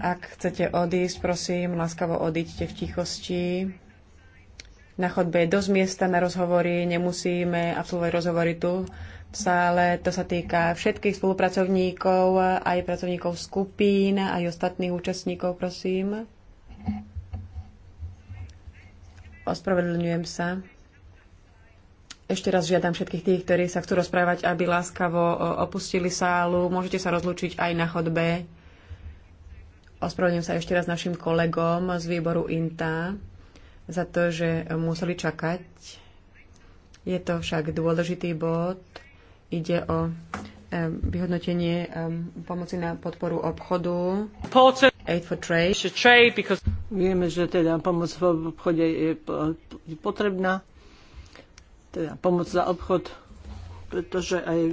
Ak chcete odísť, prosím, láskavo odíďte v tichosti. Na chodbe je dosť miesta na rozhovory, nemusíme absolvovať rozhovory tu v sále. To sa týka všetkých spolupracovníkov, aj pracovníkov skupín, aj ostatných účastníkov, prosím. Ospravedlňujem sa. Ešte raz žiadam všetkých tých, ktorí sa chcú rozprávať, aby láskavo e, opustili sálu. Môžete sa rozlúčiť aj na chodbe. Ospravedlňujem sa ešte raz našim kolegom z výboru INTA za to, že museli čakať. Je to však dôležitý bod. Ide o e, vyhodnotenie e, pomoci na podporu obchodu. Aid for trade. Vieme, že teda pomoc v obchode je potrebná teda pomoc za obchod, pretože aj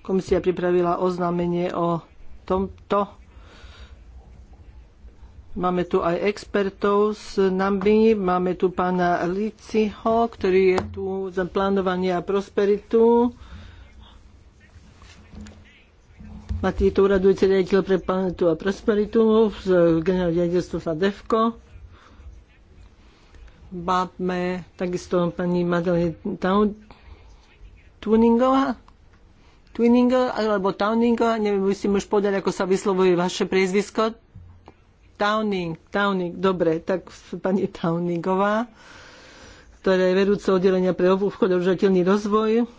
komisia pripravila oznámenie o tomto. Máme tu aj expertov z NAMBI, máme tu pána Liciho, ktorý je tu za plánovanie a prosperitu. Matý tu uradujúci riaditeľ pre planetu a prosperitu z generálneho riaditeľstva Defko máme takisto pani Madeleine Tuningová, Twininga alebo Towninga, neviem, musím už povedať, ako sa vyslovuje vaše priezvisko. Towning, Towning, dobre, tak pani Towningová, ktorá je vedúca oddelenia pre obchod a užateľný rozvoj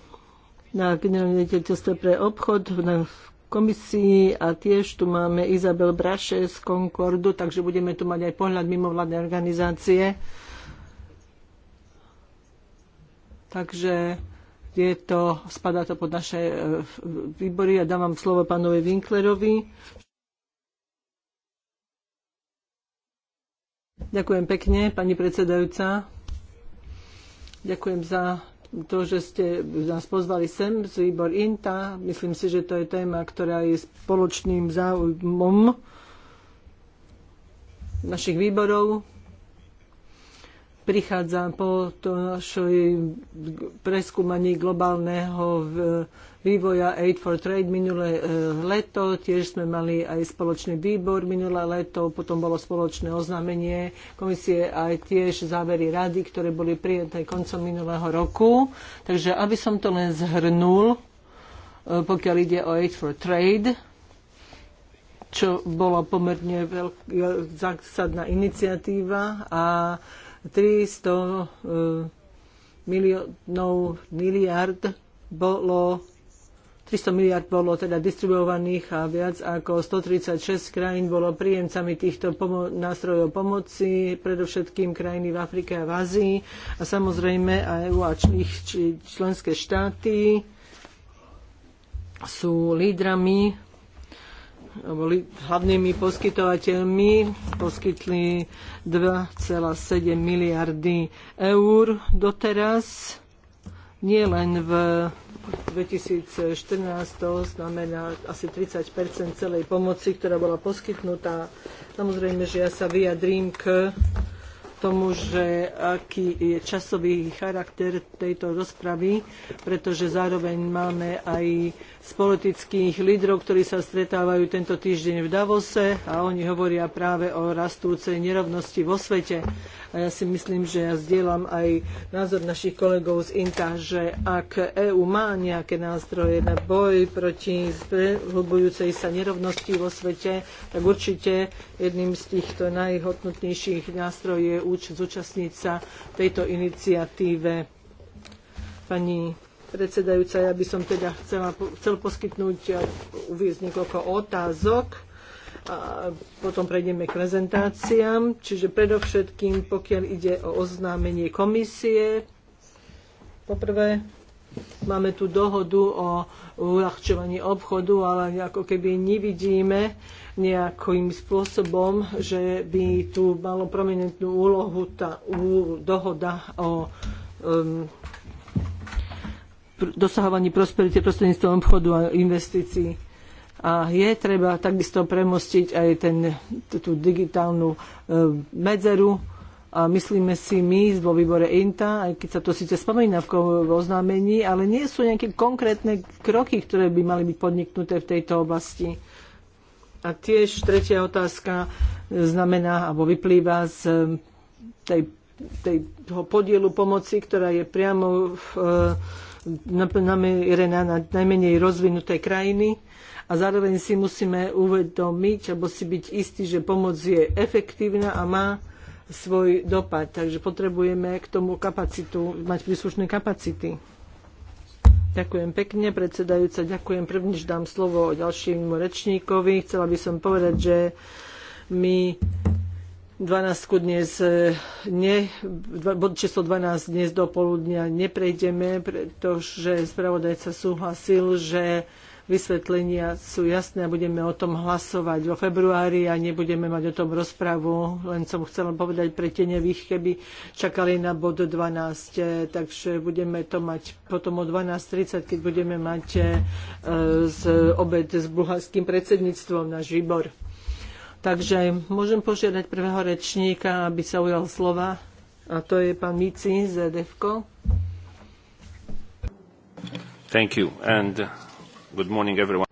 na generálne riaditeľstve pre obchod na komisii a tiež tu máme Izabel Braše z Concordu, takže budeme tu mať aj pohľad mimovládnej organizácie. Takže je to, spadá to pod naše e, výbory. Ja dávam slovo pánovi Winklerovi. Ďakujem pekne, pani predsedajúca. Ďakujem za to, že ste nás pozvali sem z výbor INTA. Myslím si, že to je téma, ktorá je spoločným záujmom našich výborov prichádza po našej preskúmaní globálneho vývoja Aid for Trade minulé e, leto. Tiež sme mali aj spoločný výbor minulé leto, potom bolo spoločné oznámenie komisie a tiež závery rady, ktoré boli prijaté koncom minulého roku. Takže aby som to len zhrnul, e, pokiaľ ide o Aid for Trade, čo bola pomerne veľká e, zásadná iniciatíva a 300 e, miliónov miliard bolo 300 miliard bolo teda distribuovaných a viac ako 136 krajín bolo príjemcami týchto pomo- nástrojov pomoci, predovšetkým krajiny v Afrike a v Ázii a samozrejme aj EU a členské štáty sú lídrami boli hlavnými poskytovateľmi, poskytli 2,7 miliardy eur doteraz, nie len v 2014 to znamená asi 30 celej pomoci, ktorá bola poskytnutá. Samozrejme, že ja sa vyjadrím k tomu, že aký je časový charakter tejto rozpravy, pretože zároveň máme aj z politických lídrov, ktorí sa stretávajú tento týždeň v Davose a oni hovoria práve o rastúcej nerovnosti vo svete. A ja si myslím, že ja zdieľam aj názor našich kolegov z INTA, že ak EÚ má nejaké nástroje na boj proti prehlbujúcej sa nerovnosti vo svete, tak určite jedným z týchto najhodnotnejších nástrojov je zúčastniť sa tejto iniciatíve. Pani predsedajúca, ja by som teda chcela, chcel poskytnúť, e, uviezť niekoľko otázok a potom prejdeme k prezentáciám. Čiže predovšetkým, pokiaľ ide o oznámenie komisie, poprvé máme tu dohodu o uľahčovaní obchodu, ale ako keby nevidíme nejakým spôsobom, že by tu malo prominentnú úlohu tá dohoda o um, dosahovaní prosperity prostredníctvom obchodu a investícií. A je treba takisto premostiť aj ten, tú digitálnu e, medzeru. A myslíme si my vo výbore INTA, aj keď sa to síce spomína v, oznámení, ale nie sú nejaké konkrétne kroky, ktoré by mali byť podniknuté v tejto oblasti. A tiež tretia otázka e, znamená alebo vyplýva z e, tej, tej, toho podielu pomoci, ktorá je priamo v, jeden na najmenej rozvinuté krajiny a zároveň si musíme uvedomiť alebo si byť istí, že pomoc je efektívna a má svoj dopad. Takže potrebujeme k tomu kapacitu, mať príslušné kapacity. Ďakujem pekne, predsedajúca. Ďakujem. Prvnež dám slovo ďalšiemu rečníkovi. Chcela by som povedať, že my 12 dnes e, ne, bod číslo 12 dnes do poludnia neprejdeme, pretože spravodajca súhlasil, že vysvetlenia sú jasné a budeme o tom hlasovať vo februári a nebudeme mať o tom rozpravu. Len som chcela povedať pre nevých, keby čakali na bod 12. E, takže budeme to mať potom o 12.30, keď budeme mať e, z, obed s bulharským predsedníctvom náš výbor. Takže môžem požiadať prvého rečníka, aby sa ujal slova. A to je pán Mici z EDEFCO. Thank you and good morning everyone.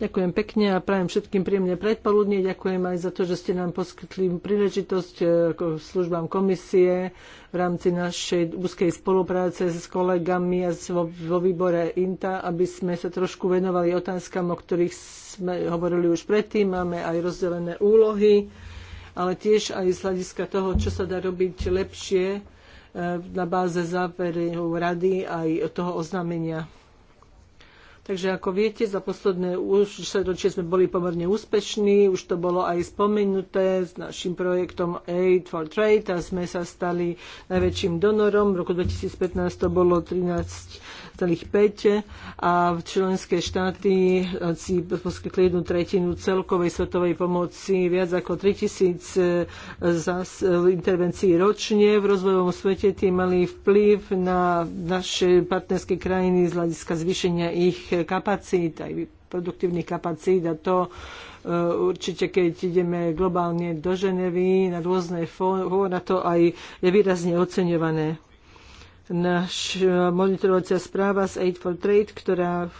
Ďakujem pekne a prajem všetkým príjemne predpoludne. Ďakujem aj za to, že ste nám poskytli príležitosť e, ako službám komisie v rámci našej úzkej spolupráce s kolegami a vo výbore INTA, aby sme sa trošku venovali otázkam, o ktorých sme hovorili už predtým. Máme aj rozdelené úlohy, ale tiež aj z hľadiska toho, čo sa dá robiť lepšie e, na báze záverov rady aj toho oznámenia Takže ako viete, za posledné už ročie sme boli pomerne úspešní, už to bolo aj spomenuté s našim projektom Aid for Trade a sme sa stali najväčším donorom. V roku 2015 to bolo 13 12,5 a členské štáty eh, si poskytli jednu tretinu celkovej svetovej pomoci, viac ako 3000 eh, eh, intervencií ročne v rozvojovom svete. Tie mali vplyv na naše partnerské krajiny z hľadiska zvýšenia ich kapacít, aj produktívnych kapacít a to určite keď ideme globálne do Ženevy na rôzne fóra, to aj je výrazne oceňované. Náš eh, monitorovacia správa z Aid for Trade, ktorá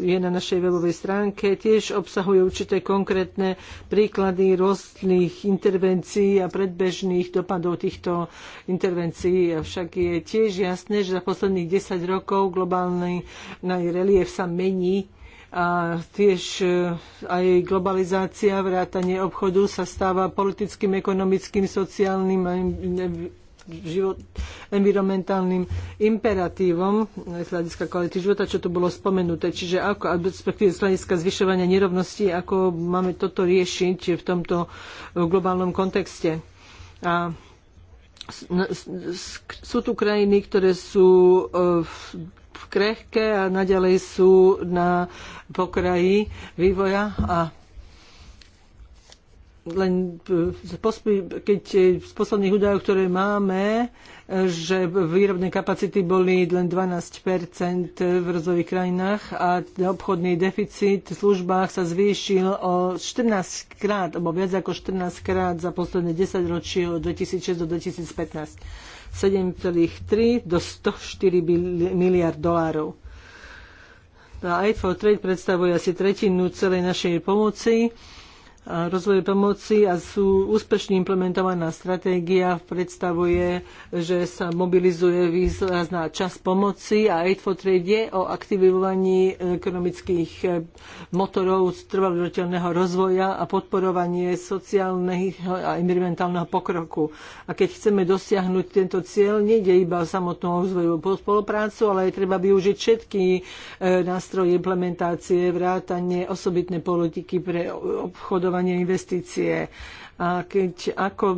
je na našej webovej stránke, tiež obsahuje určité konkrétne príklady rôznych intervencií a predbežných dopadov týchto intervencií. Avšak je tiež jasné, že za posledných 10 rokov globálny relief sa mení a tiež eh, aj globalizácia, vrátanie obchodu sa stáva politickým, ekonomickým, sociálnym život, environmentálnym imperatívom z hľadiska kvality života, čo tu bolo spomenuté. Čiže ako, respektíve z hľadiska zvyšovania nerovností, ako máme toto riešiť v tomto globálnom kontexte. A sú tu krajiny, ktoré sú e, krehké a naďalej sú na pokraji vývoja a len e, keď e, z posledných údajov, ktoré máme, e, že výrobné kapacity boli len 12 v rozvojových krajinách a obchodný deficit v službách sa zvýšil o 14 krát, alebo viac ako 14 krát za posledné 10 ročí od 2006 do 2015. 7,3 do 104 miliard dolárov. No a Aid for Trade predstavuje asi tretinu celej našej pomoci Rozvoj rozvoje pomoci a sú úspešne implementovaná stratégia predstavuje, že sa mobilizuje výrazná časť pomoci a Aid for Trade je o aktivovaní ekonomických motorov trvalodateľného rozvoja a podporovanie sociálneho a environmentálneho pokroku. A keď chceme dosiahnuť tento cieľ, nejde iba o samotnú rozvojovú spoluprácu, ale aj treba využiť všetky e, nástroje implementácie, vrátanie osobitnej politiky pre obchodovanie stimulovanie investície a keď, ako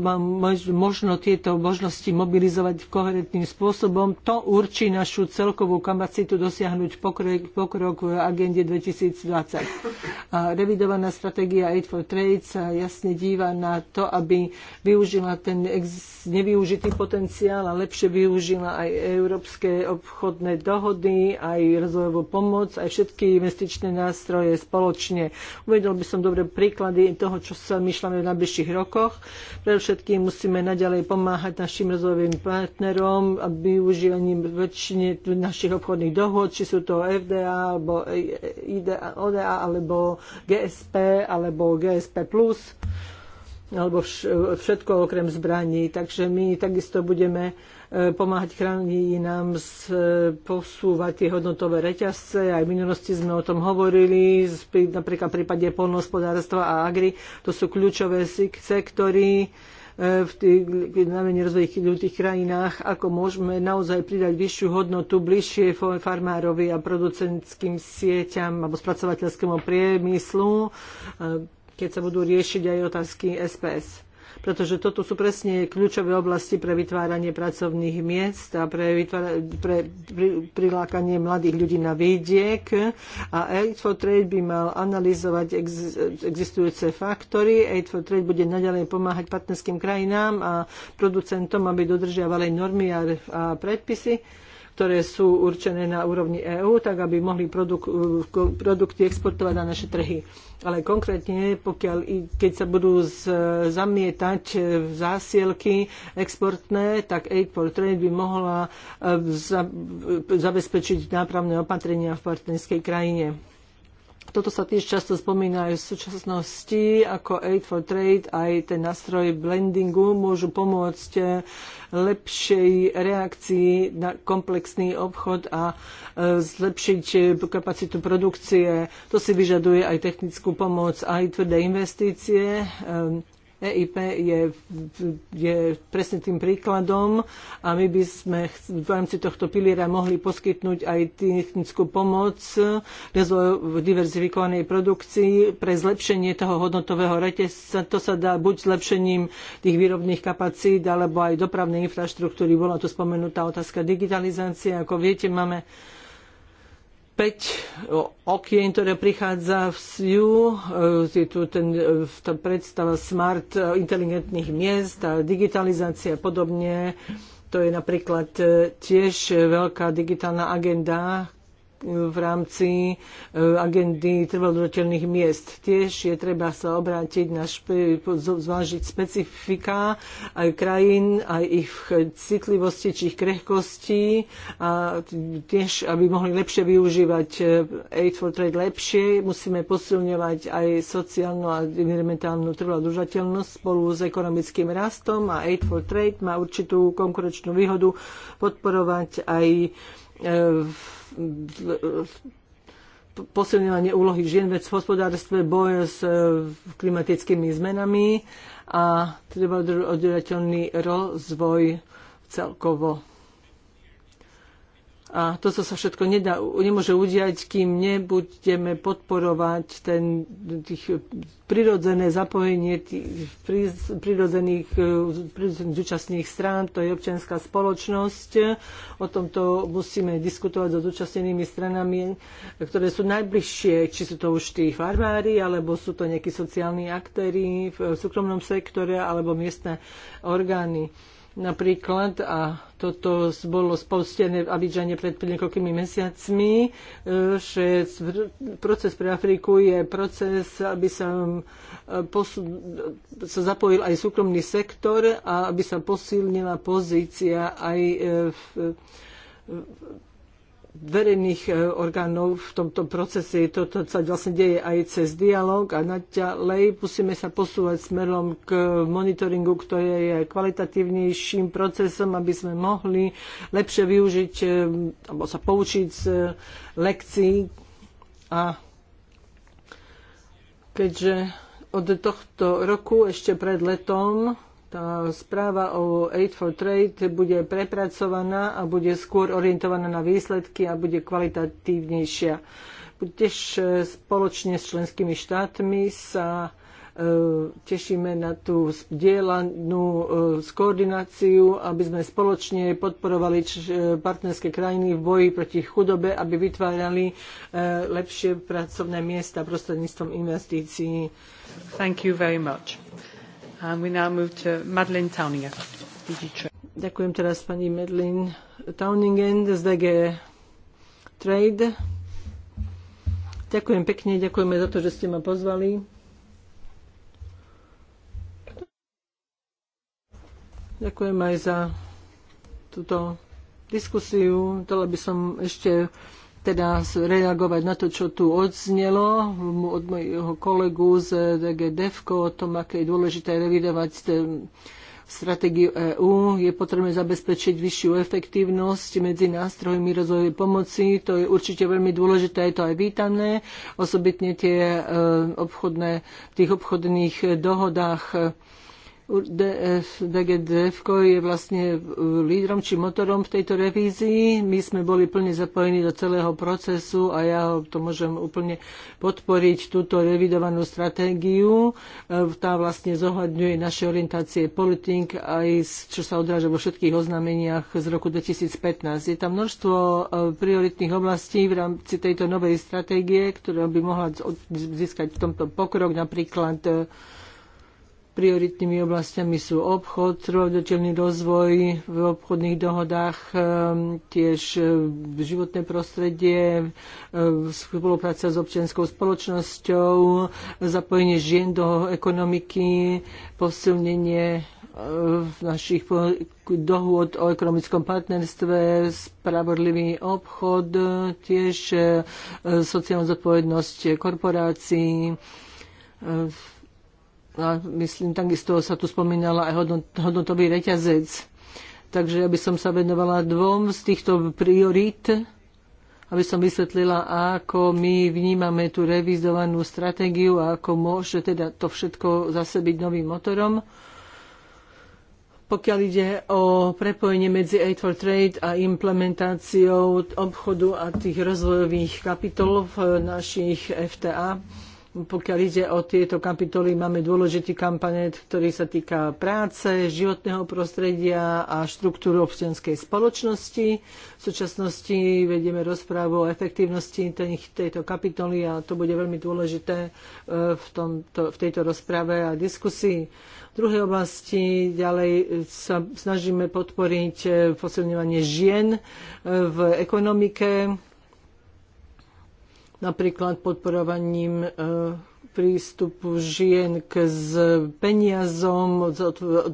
možno tieto možnosti mobilizovať koherentným spôsobom, to určí našu celkovú kapacitu dosiahnuť pokrok, pokrok v agende 2020. A revidovaná stratégia Aid for Trade sa jasne díva na to, aby využila ten nevyužitý potenciál a lepšie využila aj európske obchodné dohody, aj rozvojovú pomoc, aj všetky investičné nástroje spoločne. Uvedol by som dobre príklady toho, čo sa myšľame v najbližších najbližších rokoch. Pre všetkým musíme naďalej pomáhať našim rozvojovým partnerom a využívaním väčšine našich obchodných dohod, či sú to FDA, alebo ODA, alebo GSP, alebo GSP+. Plus alebo všetko okrem zbraní. Takže my takisto budeme E, pomáhať krajinám e, posúvať tie hodnotové reťazce. Aj v minulosti sme o tom hovorili, napríklad v prípade polnohospodárstva a agri. To sú kľúčové sektory e, v tých najmenej rozvojitých krajinách, ako môžeme naozaj pridať vyššiu hodnotu bližšie farmárovi a producentským sieťam alebo spracovateľskému priemyslu, keď sa budú riešiť aj otázky SPS pretože toto sú presne kľúčové oblasti pre vytváranie pracovných miest a pre, vytvára, pre prilákanie mladých ľudí na vidiek. A Aid for Trade by mal analyzovať ex, existujúce faktory. Aid for Trade bude naďalej pomáhať partnerským krajinám a producentom, aby dodržiavali normy a, a predpisy ktoré sú určené na úrovni EÚ, tak aby mohli produk- e, produkty exportovať na naše trhy. Ale konkrétne, pokiaľ, keď sa budú z, zamietať e, zásielky exportné, tak Aid for Trade by mohla e, za, zabezpečiť nápravné opatrenia v partnerskej krajine toto sa tiež často spomína aj v súčasnosti, ako Aid for Trade, aj ten nástroj blendingu môžu pomôcť eh, lepšej reakcii na komplexný obchod a eh, zlepšiť eh, kapacitu produkcie. To si vyžaduje aj technickú pomoc, aj tvrdé investície. EIP je, je presne tým príkladom a my by sme v rámci tohto piliera mohli poskytnúť aj technickú pomoc v diverzifikovanej produkcii pre zlepšenie toho hodnotového reťazca. To sa dá buď zlepšením tých výrobných kapacít alebo aj dopravnej infraštruktúry. Bola tu spomenutá otázka digitalizácie. Ako viete, máme 5 okien, ktoré prichádza v SIU, e, je tu ten, e, tá predstava smart e, inteligentných miest a digitalizácia a podobne. To je napríklad tiež veľká digitálna agenda, v rámci eh, agendy trvalodržateľných miest. Tiež je treba sa obrátiť na špe, zvážiť specifika aj krajín, aj ich citlivosti či ich krehkosti a tiež, aby mohli lepšie využívať eh, Aid for Trade lepšie, musíme posilňovať aj sociálnu a environmentálnu trvalodržateľnosť spolu s ekonomickým rastom a Aid for Trade má určitú konkurenčnú výhodu podporovať aj eh, v posilňovanie úlohy žien v hospodárstve, boj s e, klimatickými zmenami a treba oddelateľný rozvoj celkovo. A toto sa všetko nedá, nemôže udiať, kým nebudeme podporovať ten, tých prirodzené zapojenie tých prirodzených, e, prirodzených zúčastných strán, to je občianská spoločnosť. O tomto musíme diskutovať so zúčastnenými stranami, ktoré sú najbližšie, či sú to už tí farmári, alebo sú to nejakí sociálni aktéry v súkromnom sektore, alebo miestne orgány napríklad, a toto bolo spustené v Abidžane pred niekoľkými mesiacmi, e, že proces pre Afriku je proces, aby sa, e, sa zapojil aj súkromný sektor a aby sa posilnila pozícia aj e, v, v verejných e, orgánov v tomto procese. Toto sa vlastne deje aj cez dialog a naďalej musíme sa posúvať smerom k monitoringu, ktorý je kvalitatívnejším procesom, aby sme mohli lepšie využiť e, alebo sa poučiť z e, lekcií a keďže od tohto roku ešte pred letom tá správa o Aid for Trade bude prepracovaná a bude skôr orientovaná na výsledky a bude kvalitatívnejšia. Tiež e, spoločne s členskými štátmi sa e, tešíme na tú dielanú e, skoordináciu, aby sme spoločne podporovali partnerské krajiny v boji proti chudobe, aby vytvárali lepšie pracovné miesta prostredníctvom investícií. Thank you very much. Ďakujem teraz pani Tauningen z DG Trade. Ďakujem pekne, ďakujeme za to, že ste ma pozvali. Ďakujem aj za túto diskusiu. Dala by som ešte teda reagovať na to, čo tu odznelo od mojho kolegu z DGDFKO o tom, aké je dôležité revidovať stratégiu EÚ. Je potrebné zabezpečiť vyššiu efektívnosť medzi nástrojmi rozvojovej pomoci. To je určite veľmi dôležité, je to aj vítané. Osobitne tie e, obchodné, v tých obchodných dohodách DGDF je vlastne lídrom či motorom v tejto revízii. My sme boli plne zapojení do celého procesu a ja to môžem úplne podporiť túto revidovanú stratégiu. E, tá vlastne zohľadňuje naše orientácie politik aj čo sa odráža vo všetkých oznámeniach z roku 2015. Je tam množstvo e, prioritných oblastí v rámci tejto novej stratégie, ktorá by mohla získať v tomto pokrok, napríklad e, Prioritnými oblastiami sú obchod, trvateľný rozvoj v obchodných dohodách, ehm, tiež ehm, životné prostredie, ehm, spolupráca s občianskou spoločnosťou, zapojenie žien do ekonomiky, posilnenie našich dohôd o ekonomickom partnerstve, spravodlivý obchod, tiež sociálna zodpovednosť korporácií, a myslím, takisto sa tu spomínala aj hodnot, hodnotový reťazec. Takže ja by som sa venovala dvom z týchto priorít aby som vysvetlila, ako my vnímame tú revizovanú stratégiu a ako môže teda to všetko zase byť novým motorom. Pokiaľ ide o prepojenie medzi Aid for Trade a implementáciou obchodu a tých rozvojových kapitol v našich FTA, pokiaľ ide o tieto kapitoly, máme dôležitý kampanet, ktorý sa týka práce, životného prostredia a štruktúru občianskej spoločnosti. V súčasnosti vedieme rozprávu o efektívnosti tejto kapitoly a to bude veľmi dôležité e, v, tomto, v tejto rozprave a diskusii. V druhej oblasti ďalej sa snažíme podporiť e, posilňovanie žien e, v ekonomike, napríklad podporovaním e, prístupu žien k peniazom,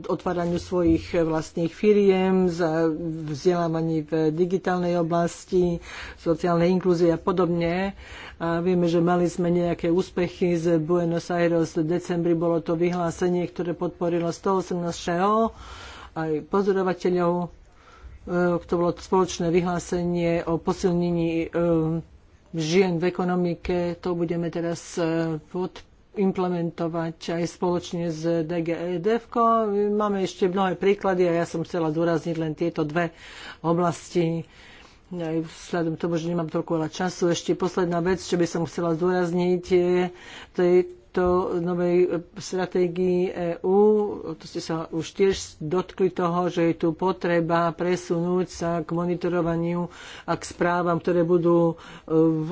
otváraniu svojich e, vlastných firiem, za vzdelávaní v digitálnej oblasti, sociálnej inklúzie a podobne. A vieme, že mali sme nejaké úspechy z Buenos Aires v decembri, bolo to vyhlásenie, ktoré podporilo 118 ŠO aj pozorovateľov. E, to bolo spoločné vyhlásenie o posilnení žien v ekonomike. To budeme teraz e, pod implementovať aj spoločne s DGEDF. Máme ešte mnohé príklady a ja som chcela zdôrazniť len tieto dve oblasti. Aj e, vzhľadom tomu, že nemám toľko veľa času. Ešte posledná vec, čo by som chcela zdôrazniť, je, to je tejto novej stratégii EÚ, to ste sa už tiež dotkli toho, že je tu potreba presunúť sa k monitorovaniu a k správam, ktoré budú e,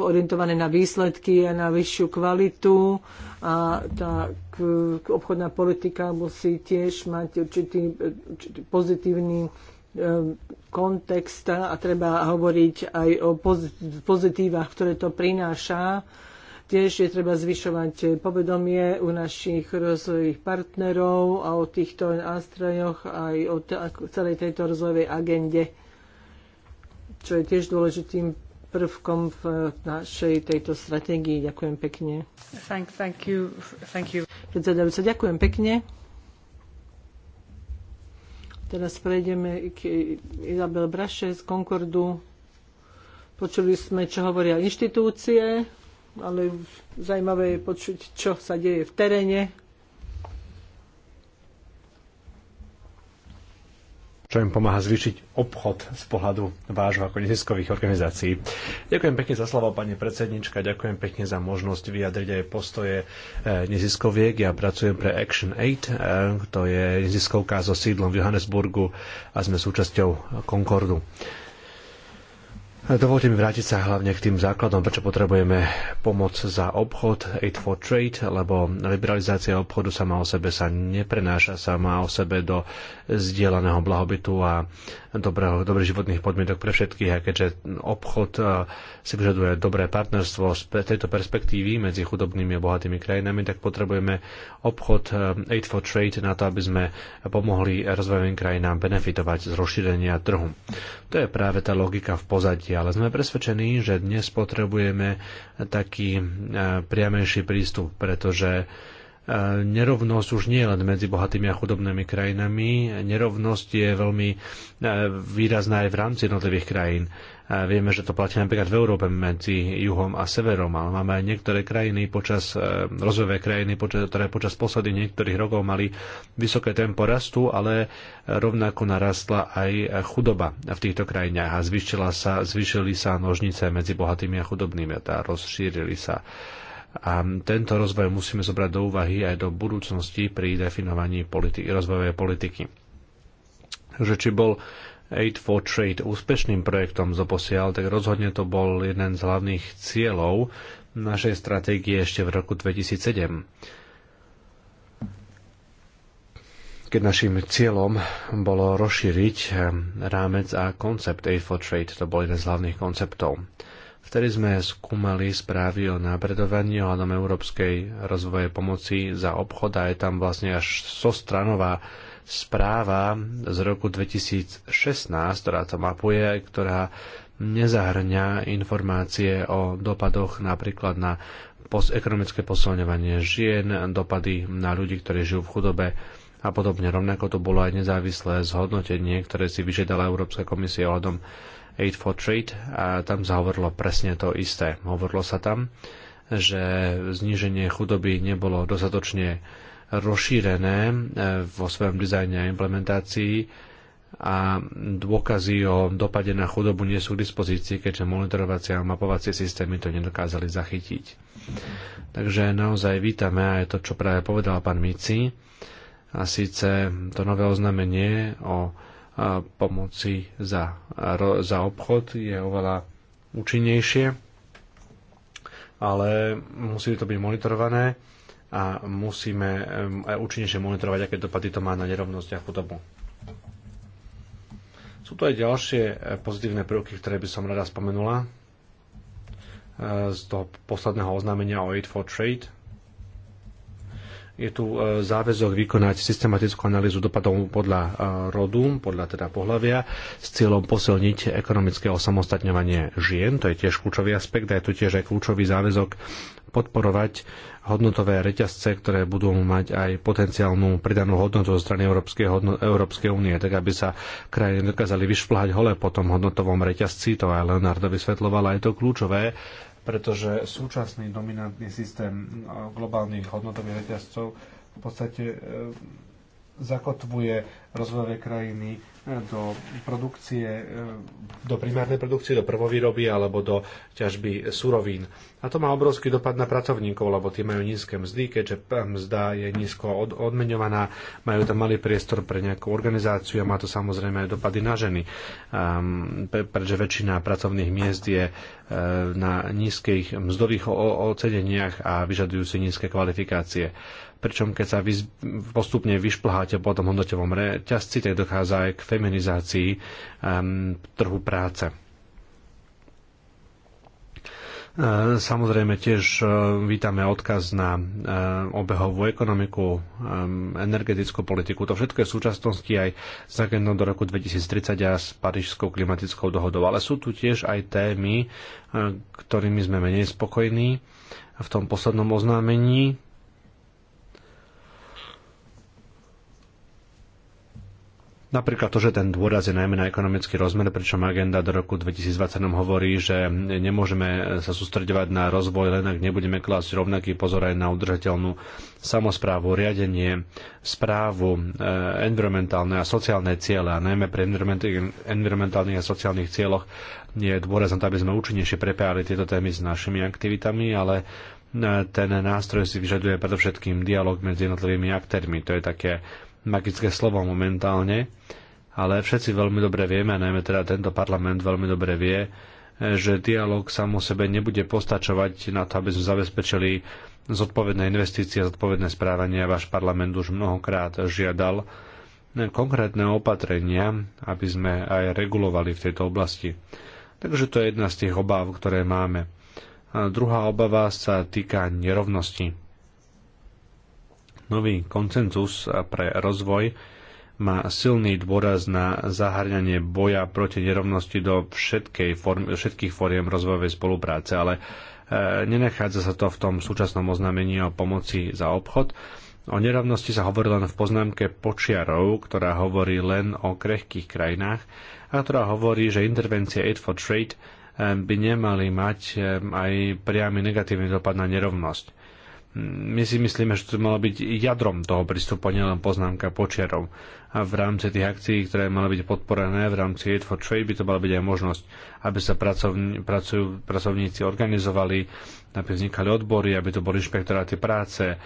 orientované na výsledky a na vyššiu kvalitu. A tá e, obchodná politika musí tiež mať určitý, e, určitý pozitívny kontext a treba hovoriť aj o pozitívach, ktoré to prináša Tiež je treba zvyšovať povedomie u našich rozvojových partnerov a o týchto nástrojoch aj o celej tejto rozvojovej agende, čo je tiež dôležitým prvkom v našej tejto stratégii. Ďakujem pekne. Thank, thank you, thank you. ďakujem pekne. Teraz prejdeme k Izabel Braše z Concordu. Počuli sme, čo hovoria inštitúcie ale zaujímavé je počuť, čo sa deje v teréne. čo im pomáha zvýšiť obchod z pohľadu vášho ako neziskových organizácií. Ďakujem pekne za slovo, pani predsednička, ďakujem pekne za možnosť vyjadriť aj postoje e, neziskoviek. Ja pracujem pre Action Aid, e, to je neziskovka so sídlom v Johannesburgu a sme súčasťou Concordu. Dovolte mi vrátiť sa hlavne k tým základom, prečo potrebujeme pomoc za obchod, aid for trade, lebo liberalizácia obchodu sama o sebe sa neprenáša sama o sebe do zdieľaného blahobytu a dobrého, dobrých životných podmienok pre všetkých. A keďže obchod eh, si vyžaduje dobré partnerstvo z tejto perspektívy medzi chudobnými a bohatými krajinami, tak potrebujeme obchod eh, Aid for Trade na to, aby sme pomohli rozvojovým krajinám benefitovať z rozšírenia trhu. To je práve tá logika v pozadí, ale sme presvedčení, že dnes potrebujeme taký eh, priamejší prístup, pretože nerovnosť už nie len medzi bohatými a chudobnými krajinami, nerovnosť je veľmi e, výrazná aj v rámci jednotlivých krajín. Vieme, že to platí napríklad v Európe medzi juhom a severom, ale máme aj niektoré krajiny počas, e, rozvojové krajiny, ktoré počas posledných niektorých rokov mali vysoké tempo rastu, ale rovnako narastla aj chudoba v týchto krajinách a sa, zvyšili sa nožnice medzi bohatými a chudobnými a rozšírili sa a tento rozvoj musíme zobrať do úvahy aj do budúcnosti pri definovaní politi- rozvojovej politiky. Že či bol Aid for Trade úspešným projektom zoposiaľ, tak rozhodne to bol jeden z hlavných cieľov našej stratégie ešte v roku 2007 keď našim cieľom bolo rozšíriť eh, rámec a koncept Aid for Trade. To bol jeden z hlavných konceptov. Vtedy sme skúmali správy o napredovaní ohľadom európskej rozvoje pomoci za obchod a je tam vlastne až sostranová správa z roku 2016, ktorá to mapuje, ktorá nezahrňa informácie o dopadoch napríklad na ekonomické posilňovanie žien, dopady na ľudí, ktorí žijú v chudobe, a podobne. Rovnako to bolo aj nezávislé zhodnotenie, ktoré si vyžiadala Európska komisia ohľadom Aid for Trade a tam sa hovorilo presne to isté. Hovorilo sa tam, že zníženie chudoby nebolo dostatočne rozšírené eh, vo svojom dizajne a implementácii a dôkazy o dopade na chudobu nie sú k dispozícii, keďže monitorovacie a mapovacie systémy to nedokázali zachytiť. Takže naozaj vítame aj to, čo práve povedal pán Mici, a síce to nové oznámenie o pomoci za, za obchod je oveľa účinnejšie, ale musí to byť monitorované a musíme e, aj účinnejšie monitorovať, aké dopady to má na nerovnosť a chudobu. Sú tu aj ďalšie e, pozitívne prvky, ktoré by som rada spomenula e, z toho posledného oznámenia o Aid for Trade, je tu e, záväzok vykonať systematickú analýzu dopadov podľa e, rodu, podľa teda pohľavia, s cieľom posilniť ekonomické osamostatňovanie žien. To je tiež kľúčový aspekt a je tu tiež aj kľúčový záväzok podporovať hodnotové reťazce, ktoré budú mať aj potenciálnu pridanú hodnotu zo strany Európskej, hodno, Európskej únie, tak aby sa krajiny dokázali vyšplhať hole po tom hodnotovom reťazci. To aj Leonardo vysvetloval, a je to kľúčové pretože súčasný dominantný systém globálnych hodnotových reťazcov v podstate zakotvuje rozvojové krajiny e, do produkcie, e, do primárnej produkcie, do prvovýroby alebo do ťažby surovín. A to má obrovský dopad na pracovníkov, lebo tie majú nízke mzdy, keďže mzda je nízko od, odmeňovaná, majú tam malý priestor pre nejakú organizáciu a má to samozrejme aj dopady na ženy, um, ehm, pre, pretože väčšina pracovných miest je uh, na nízkych mzdových oceneniach a vyžadujú si nízke kvalifikácie pričom keď sa vy, postupne vyšplháte po tom hodnotovom reťazci, tak dochádza aj k feminizácii um, trhu práce. E, samozrejme tiež e, vítame odkaz na e, obehovú ekonomiku, ehm, energetickú politiku. To všetko je v súčasnosti aj s agendou do roku 2030 a s Parížskou klimatickou dohodou. Ale sú tu tiež aj témy, ktorými sme menej spokojní v tom poslednom oznámení Napríklad to, že ten dôraz je najmä na ekonomický rozmer, pričom agenda do roku 2020 nám hovorí, že nemôžeme sa sústredovať na rozvoj, len ak nebudeme klásť rovnaký pozor aj na udržateľnú samozprávu, riadenie, správu, e, environmentálne a sociálne ciele. A najmä pri environmentálnych a sociálnych cieľoch je dôraz na to, aby sme účinnejšie prepájali tieto témy s našimi aktivitami, ale e, ten nástroj si vyžaduje predovšetkým dialog medzi jednotlivými aktérmi. To je také magické slovo momentálne, ale všetci veľmi dobre vieme, a najmä teda tento parlament veľmi dobre vie, že dialog sám o sebe nebude postačovať na to, aby sme zabezpečili zodpovedné investície, a zodpovedné správanie. Váš parlament už mnohokrát žiadal konkrétne opatrenia, aby sme aj regulovali v tejto oblasti. Takže to je jedna z tých obáv, ktoré máme. A druhá obava sa týka nerovnosti. Nový koncenzus pre rozvoj má silný dôraz na zahrňanie boja proti nerovnosti do form, všetkých fóriem rozvojovej spolupráce, ale e, nenachádza sa to v tom súčasnom oznámení o pomoci za obchod. O nerovnosti sa hovorí len v poznámke počiarov, ktorá hovorí len o krehkých krajinách a ktorá hovorí, že intervencie Aid for Trade e, by nemali mať e, aj priamy negatívny dopad na nerovnosť my si myslíme, že to malo byť jadrom toho prístupu, nielen poznámka počiarov. A v rámci tých akcií, ktoré mali byť podporené v rámci Aid for Trade, by to mala byť aj možnosť, aby sa pracovní, pracujú, pracovníci organizovali, aby vznikali odbory, aby to boli inšpektoráty práce,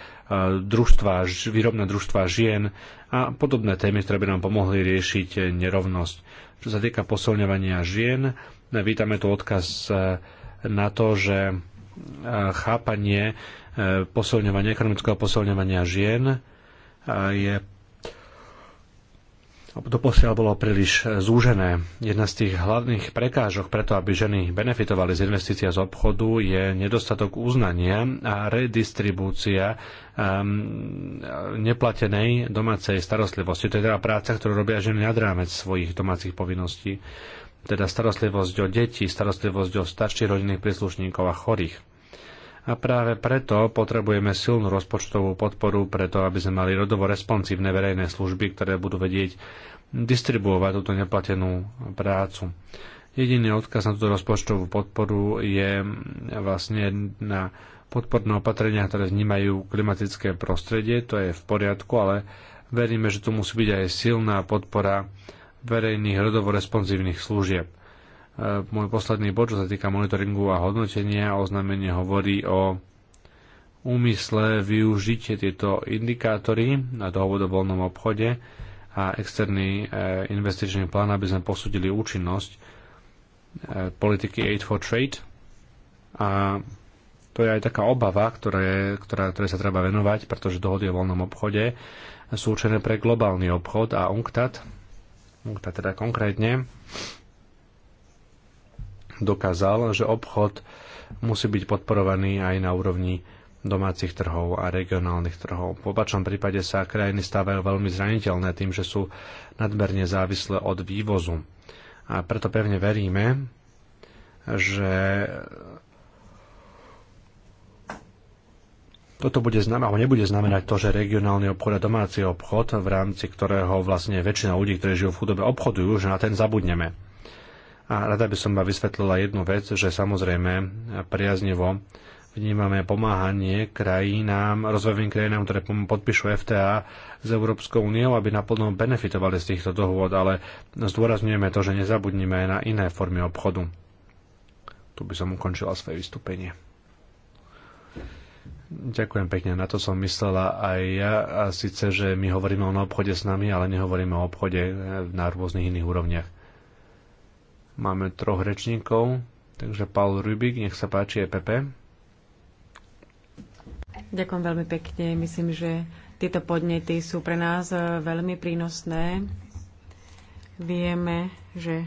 družstva, výrobné družstva žien a podobné témy, ktoré by nám pomohli riešiť nerovnosť. Čo sa týka posilňovania žien, vítame tu odkaz e, na to, že e, chápanie E, posilňovania, ekonomického posilňovania žien e, je doposiaľ bolo príliš zúžené. Jedna z tých hlavných prekážok preto, aby ženy benefitovali z investícia z obchodu, je nedostatok uznania a redistribúcia um, neplatenej domácej starostlivosti. To je teda práca, ktorú robia ženy nad rámec svojich domácich povinností. Teda starostlivosť o deti, starostlivosť o starších rodinných príslušníkov a chorých a práve preto potrebujeme silnú rozpočtovú podporu, preto aby sme mali rodovo responsívne verejné služby, ktoré budú vedieť distribuovať túto neplatenú prácu. Jediný odkaz na túto rozpočtovú podporu je vlastne na podporné opatrenia, ktoré vnímajú klimatické prostredie, to je v poriadku, ale veríme, že tu musí byť aj silná podpora verejných rodovo responsívnych služieb môj posledný bod, čo sa týka monitoringu a hodnotenia, oznámenie hovorí o úmysle využiť tieto indikátory na dohovod o voľnom obchode a externý e, investičný plán, aby sme posúdili účinnosť e, politiky Aid for Trade. A to je aj taká obava, je, ktorá, ktoré sa treba venovať, pretože dohody o voľnom obchode sú určené pre globálny obchod a UNCTAD, UNCTAD teda konkrétne, dokázal, že obchod musí byť podporovaný aj na úrovni domácich trhov a regionálnych trhov. V opačnom prípade sa krajiny stávajú veľmi zraniteľné tým, že sú nadmerne závislé od vývozu. A preto pevne veríme, že toto bude znamená, alebo nebude znamenať to, že regionálny obchod a domáci obchod, v rámci ktorého vlastne väčšina ľudí, ktorí žijú v chudobe, obchodujú, že na ten zabudneme. A rada by som vám vysvetlila jednu vec, že samozrejme priaznivo vnímame pomáhanie krajinám, rozvojovým krajinám, ktoré podpíšu FTA s Európskou úniou, aby naplno benefitovali z týchto dohôd, ale zdôrazňujeme to, že nezabudnime aj na iné formy obchodu. Tu by som ukončila svoje vystúpenie. Ďakujem pekne, na to som myslela aj ja, a síce, že my hovoríme o obchode s nami, ale nehovoríme o obchode e, na rôznych iných úrovniach Máme troch rečníkov, takže Paul Rubik, nech sa páči, Pepe. Ďakujem veľmi pekne. Myslím, že tieto podnety sú pre nás e, veľmi prínosné. Vieme, že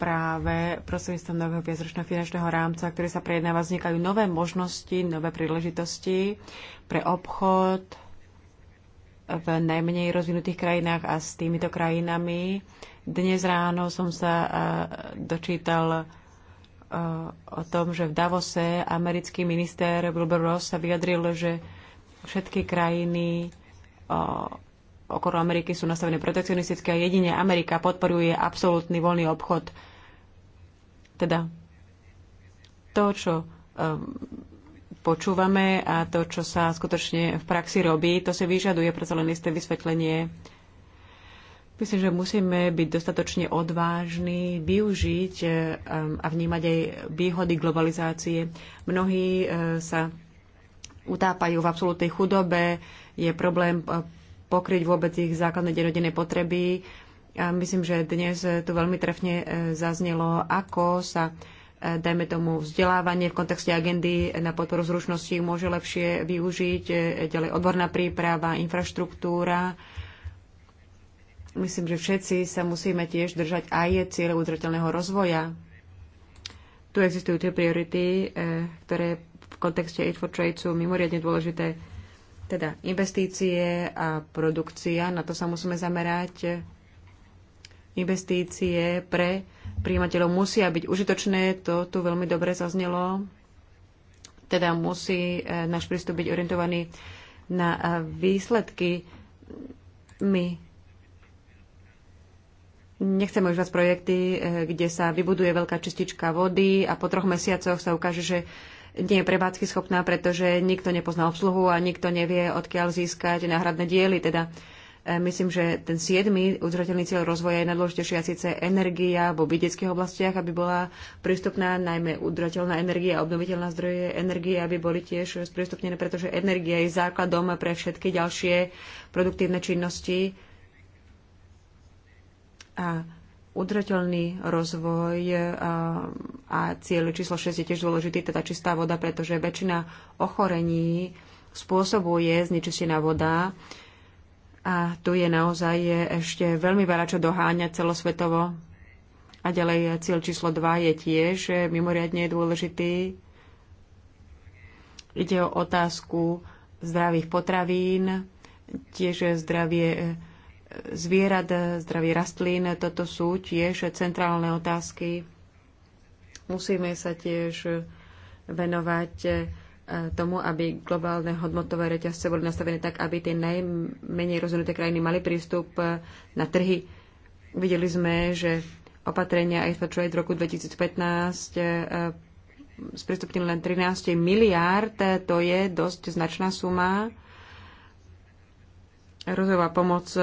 práve prostredníctvom nového viacročného finančného rámca, ktorý sa prejednáva, vznikajú nové možnosti, nové príležitosti pre obchod v najmenej rozvinutých krajinách a s týmito krajinami dnes ráno som sa dočítal o tom, že v Davose americký minister Wilbur Ross sa vyjadril, že všetky krajiny okolo Ameriky sú nastavené protekcionistické a jedine Amerika podporuje absolútny voľný obchod. Teda to, čo počúvame a to, čo sa skutočne v praxi robí, to si vyžaduje predsa len isté vysvetlenie Myslím, že musíme byť dostatočne odvážni, využiť e, um, a vnímať aj výhody globalizácie. Mnohí e, sa utápajú v absolútnej chudobe, je problém e, pokryť vôbec ich základné denodenné potreby. A myslím, že dnes tu veľmi trefne zaznelo, ako sa dajme tomu vzdelávanie v kontexte agendy na podporu zručnosti môže lepšie využiť, ďalej odborná príprava, infraštruktúra, Myslím, že všetci sa musíme tiež držať aj cieľe udržateľného rozvoja. Tu existujú tie priority, e, ktoré v kontexte Aid for Trade sú mimoriadne dôležité. Teda investície a produkcia, na to sa musíme zamerať. Investície pre príjimateľov musia byť užitočné, to tu veľmi dobre zaznelo. Teda musí e, náš prístup byť orientovaný na e, výsledky. My Nechceme už vás projekty, eh, kde sa vybuduje veľká čistička vody a po troch mesiacoch sa ukáže, že nie je prevádzky schopná, pretože nikto nepozná obsluhu a nikto nevie, odkiaľ získať náhradné diely. Teda eh, myslím, že ten siedmy udržateľný cieľ rozvoja je najdôležitejší a síce energia vo vidieckých oblastiach, aby bola prístupná najmä udržateľná energia a obnoviteľná zdroje energie, aby boli tiež sprístupnené, pretože energia je základom pre všetky ďalšie produktívne činnosti a udržateľný rozvoj a, a cieľ číslo 6 je tiež dôležitý, teda čistá voda, pretože väčšina ochorení spôsobuje znečistená voda a tu je naozaj ešte veľmi veľa čo doháňať celosvetovo. A ďalej cieľ číslo 2 je tiež mimoriadne dôležitý. Ide o otázku zdravých potravín, tiež zdravie zvierat, zdravie rastlín, toto sú tiež centrálne otázky. Musíme sa tiež venovať e, tomu, aby globálne hodnotové reťazce boli nastavené tak, aby tie najmenej rozvinuté krajiny mali prístup e, na trhy. Videli sme, že opatrenia IFA Trade v roku 2015 e, sprístupnili len 13 miliárd, to je dosť značná suma rozvojová pomoc e,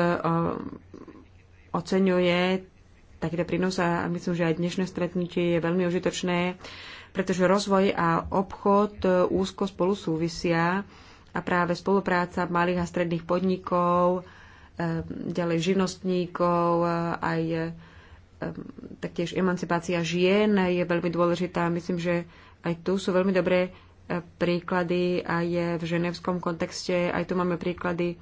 oceňuje takýto prínos a myslím, že aj dnešné stretnutie je veľmi užitočné, pretože rozvoj a obchod e, úzko spolu súvisia a práve spolupráca malých a stredných podnikov, e, ďalej živnostníkov, aj taktiež emancipácia žien je veľmi dôležitá. Myslím, že aj tu sú veľmi dobré príklady aj v ženevskom kontexte, aj tu máme príklady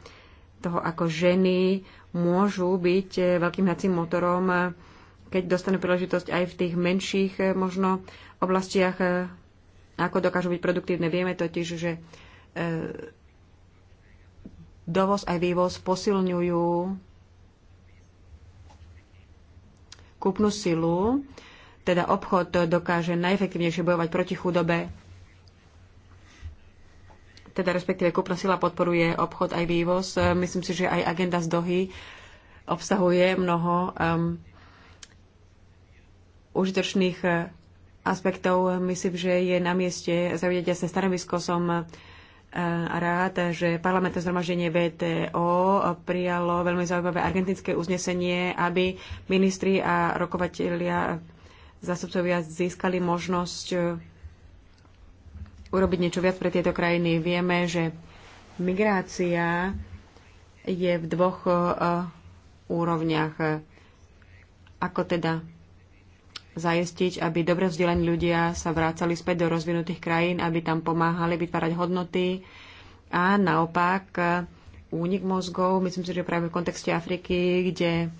toho, ako ženy môžu byť e, veľkým hnacím motorom, e, keď dostanú príležitosť aj v tých menších e, možno oblastiach, ako dokážu byť produktívne. Vieme totiž, že dovoz aj vývoz posilňujú kúpnu silu, teda obchod dokáže najefektívnejšie bojovať proti chudobe teda respektíve kúpna sila podporuje obchod aj vývoz. E, myslím si, že aj agenda z Dohy obsahuje mnoho um, užitočných e, aspektov. Myslím, že je na mieste zaujať jasné stanovisko. Som e, rád, že parlamentné zhromaždenie VTO prijalo veľmi zaujímavé argentinské uznesenie, aby ministri a rokovatelia zastupcovia získali možnosť urobiť niečo viac pre tieto krajiny. Vieme, že migrácia je v dvoch eh, úrovniach. Ako teda zajistiť, aby dobre vzdelaní ľudia sa vrácali späť do rozvinutých krajín, aby tam pomáhali vytvárať hodnoty a naopak eh, únik mozgov, myslím si, že práve v kontexte Afriky, kde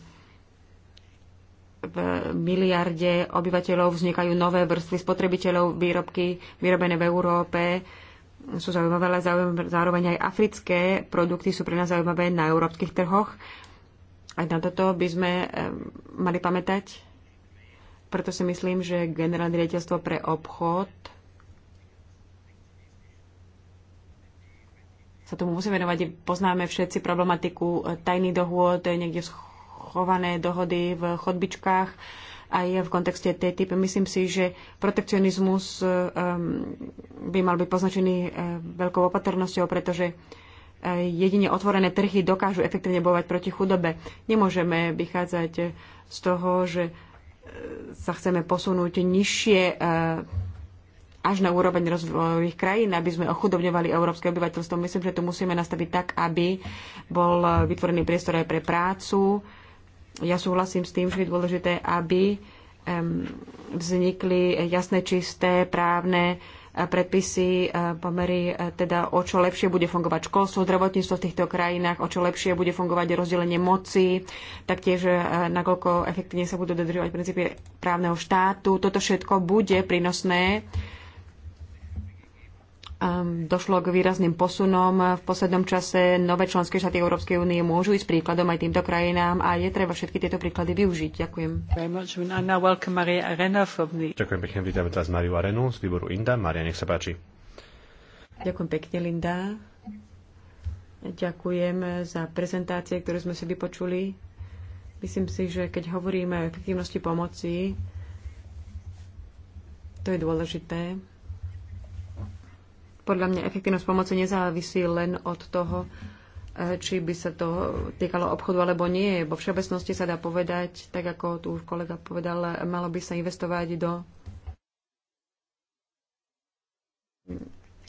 v miliarde obyvateľov vznikajú nové vrstvy spotrebiteľov, výrobky vyrobené v Európe sú zaujímavé, ale zaujímavé, zároveň aj africké produkty sú pre nás zaujímavé na európskych trhoch. Aj na toto by sme mali pamätať. Preto si myslím, že generálne riaditeľstvo pre obchod sa tomu musíme venovať. Poznáme všetci problematiku tajných dohôd niekde v chované dohody v chodbičkách aj v kontexte tej typy. Myslím si, že protekcionizmus eh, by mal byť poznačený eh, veľkou opatrnosťou, pretože eh, jedine otvorené trhy dokážu efektívne bojovať proti chudobe. Nemôžeme vychádzať z toho, že sa chceme posunúť nižšie až na úroveň rozvojových krajín, aby sme ochudobňovali európske obyvateľstvo. Myslím, že to musíme nastaviť tak, aby bol vytvorený priestor aj pre prácu, ja súhlasím s tým, že je dôležité, aby vznikli jasné, čisté právne eh, predpisy, eh, pomery, eh, teda o čo lepšie bude fungovať školstvo, zdravotníctvo v týchto krajinách, o čo lepšie bude fungovať rozdelenie moci, taktiež nakoľko efektívne sa budú dodržovať princípy právneho štátu. Toto všetko bude prínosné Ehm, došlo k výrazným posunom v poslednom čase. Nové členské štáty Európskej únie môžu ísť príkladom aj týmto krajinám a je treba všetky tieto príklady využiť. Ďakujem. Ďakujem pekne, vítame teraz Mariu Arenu z výboru INDA. Maria, nech sa páči. Ďakujem pekne, Linda. Ďakujem za prezentácie, ktoré sme si vypočuli. Myslím si, že keď hovoríme o efektívnosti pomoci, to je dôležité podľa mňa efektívnosť pomoci nezávisí len od toho, e, či by sa to týkalo obchodu alebo nie. Vo všeobecnosti sa dá povedať, tak ako tu už kolega povedal, malo by sa investovať do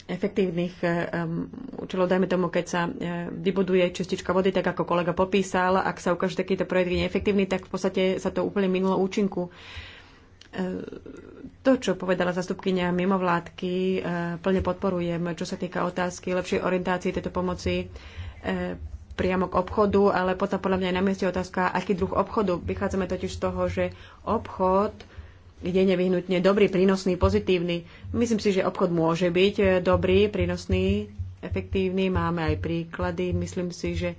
efektívnych um, účelov, dajme tomu, keď sa uh, vybuduje čistička vody, tak ako kolega popísal, ak sa ukáže takýto projekt je neefektívny, tak v podstate sa to úplne minulo účinku. Uh, to, čo povedala zastupkynia mimovládky, e, plne podporujem, čo sa týka otázky lepšej orientácie tejto pomoci e, priamo k obchodu, ale potom podľa mňa je na mieste otázka, aký druh obchodu. Vychádzame totiž z toho, že obchod je nevyhnutne dobrý, prínosný, pozitívny. Myslím si, že obchod môže byť e, dobrý, prínosný, efektívny. Máme aj príklady. Myslím si, že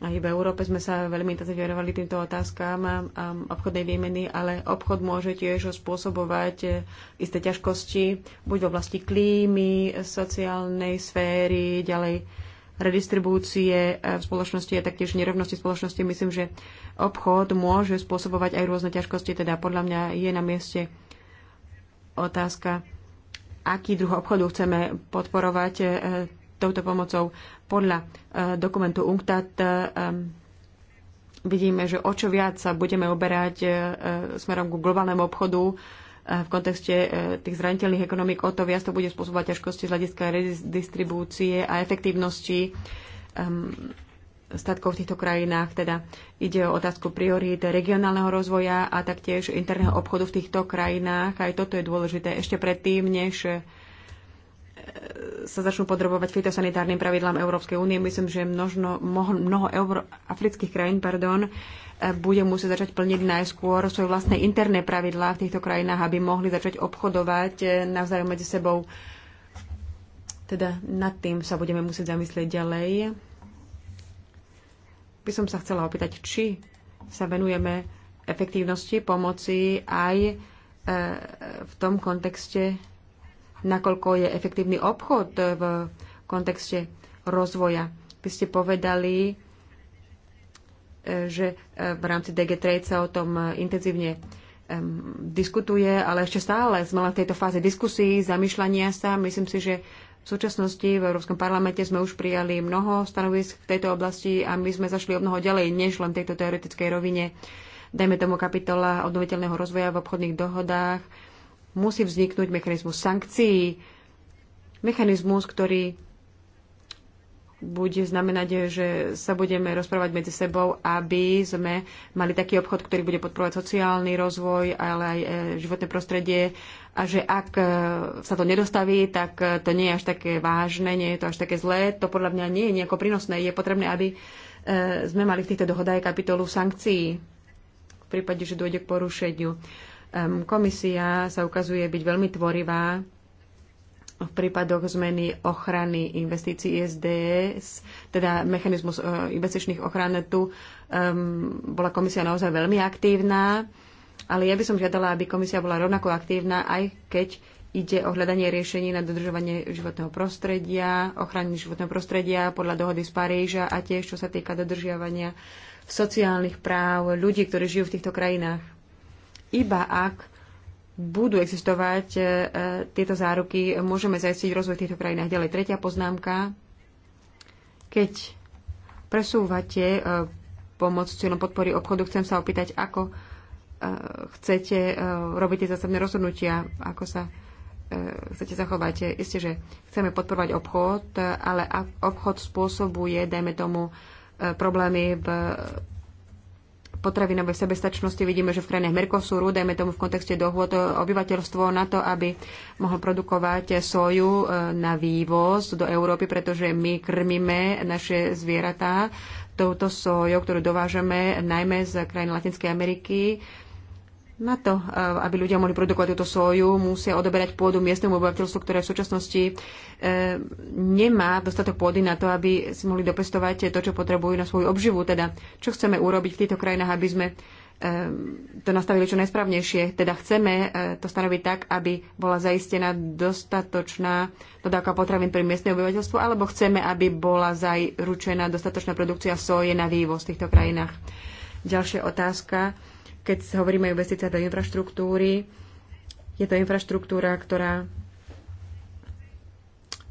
aj v Európe sme sa veľmi intenzívne venovali týmto otázkam obchodnej výmeny, ale obchod môže tiež spôsobovať e, isté ťažkosti, buď v oblasti klímy, sociálnej sféry, ďalej redistribúcie e, v spoločnosti a taktiež nerovnosti v spoločnosti. Myslím, že obchod môže spôsobovať aj rôzne ťažkosti, teda podľa mňa je na mieste otázka, aký druh obchodu chceme podporovať e, touto pomocou. Podľa e, dokumentu UNCTAD e, e, vidíme, že o čo viac sa budeme oberať smerom ku globálnemu obchodu v kontexte tých zraniteľných ekonomík, o to viac to bude spôsobovať ťažkosti z hľadiska redistribúcie a efektívnosti statkov v týchto krajinách. Teda ide o otázku priorít regionálneho rozvoja a taktiež interného obchodu v týchto krajinách. Aj toto je dôležité ešte predtým, než sa začnú podrobovať fitosanitárnym pravidlám Európskej únie. Myslím, že množno, mnoho, mnoho euro, afrických krajín pardon, bude musieť začať plniť najskôr svoje vlastné interné pravidlá v týchto krajinách, aby mohli začať obchodovať eh, navzájom medzi sebou. Teda nad tým sa budeme musieť zamyslieť ďalej. By som sa chcela opýtať, či sa venujeme efektívnosti pomoci aj eh, v tom kontexte nakoľko je efektívny obchod v kontexte rozvoja. Vy ste povedali, e, že e, v rámci DG Trade sa o tom e, intenzívne diskutuje, ale ešte stále sme len v tejto fáze diskusí, zamýšľania sa. Myslím si, že v súčasnosti v Európskom parlamente sme už prijali mnoho stanovisk v tejto oblasti a my sme zašli o mnoho ďalej, než len tejto teoretickej rovine. Dajme tomu kapitola obnoviteľného rozvoja v obchodných dohodách musí vzniknúť mechanizmus sankcií, mechanizmus, ktorý bude znamenať, že sa budeme rozprávať medzi sebou, aby sme mali taký obchod, ktorý bude podporovať sociálny rozvoj, ale aj e, životné prostredie a že ak e, sa to nedostaví, tak e, to nie je až také vážne, nie je to až také zlé, to podľa mňa nie je nejako prínosné. Je potrebné, aby sme mali v týchto dohodách kapitolu sankcií v prípade, že dôjde k porušeniu. Komisia sa ukazuje byť veľmi tvorivá v prípadoch zmeny ochrany investícií SDS, teda mechanizmus e, investičných ochran. Tu um, bola komisia naozaj veľmi aktívna, ale ja by som žiadala, aby komisia bola rovnako aktívna, aj keď ide o hľadanie riešení na dodržovanie životného prostredia, ochrany životného prostredia podľa dohody z Paríža a tiež čo sa týka dodržiavania sociálnych práv ľudí, ktorí žijú v týchto krajinách. Iba ak budú existovať e, e, tieto záruky, môžeme zajistiť rozvoj týchto krajinách. Ďalej, tretia poznámka. Keď presúvate e, pomoc cieľom podpory obchodu, chcem sa opýtať, ako chcete robiť tie zásadné rozhodnutia, ako sa chcete zachovať. Isté, že chceme podporovať obchod, ale obchod spôsobuje, dajme tomu, problémy v potravinovej sebestačnosti. Vidíme, že v krajinách Mercosuru, dajme tomu v kontexte dohôd, obyvateľstvo na to, aby mohlo produkovať soju e, na vývoz do Európy, pretože my krmíme naše zvieratá touto sojou, ktorú dovážame najmä z krajín Latinskej Ameriky na to, eh, aby ľudia mohli produkovať túto soju, musia odoberať pôdu miestnemu obyvateľstvu, ktoré v súčasnosti e, nemá dostatok pôdy na to, aby si mohli dopestovať to, čo potrebujú na svoju obživu. Teda, čo chceme urobiť v týchto krajinách, aby sme e, to nastavili čo najsprávnejšie. Teda chceme e, to stanoviť tak, aby bola zaistená dostatočná dodávka potravín pre miestne obyvateľstvo, alebo chceme, aby bola zaručená dostatočná produkcia soje na vývoz v týchto krajinách. Ďalšia otázka keď hovoríme o investíciách do infraštruktúry, je to infraštruktúra, ktorá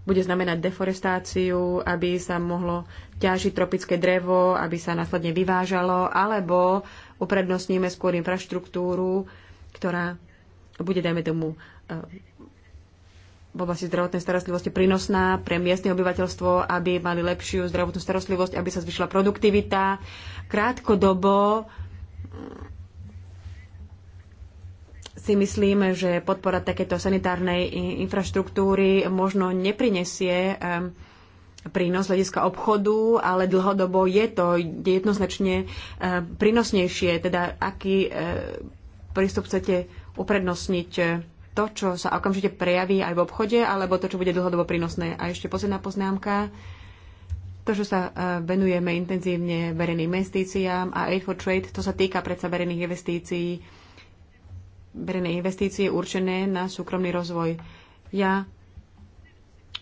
bude znamenať deforestáciu, aby sa mohlo ťažiť tropické drevo, aby sa následne vyvážalo, alebo uprednostníme skôr infraštruktúru, ktorá bude, dajme tomu, e, v oblasti zdravotnej starostlivosti prínosná pre miestne obyvateľstvo, aby mali lepšiu zdravotnú starostlivosť, aby sa zvyšila produktivita. Krátkodobo si myslím, že podpora takéto sanitárnej infraštruktúry možno neprinesie prínos hľadiska obchodu, ale dlhodobo je to jednoznačne prínosnejšie. Teda aký eh, prístup chcete uprednostniť eh, to, čo sa okamžite prejaví aj v obchode, alebo to, čo bude dlhodobo prínosné. A ešte posledná poznámka. To, že sa eh, venujeme intenzívne verejným investíciám a Aid for Trade, to sa týka predsa verejných investícií verejné investície určené na súkromný rozvoj. Ja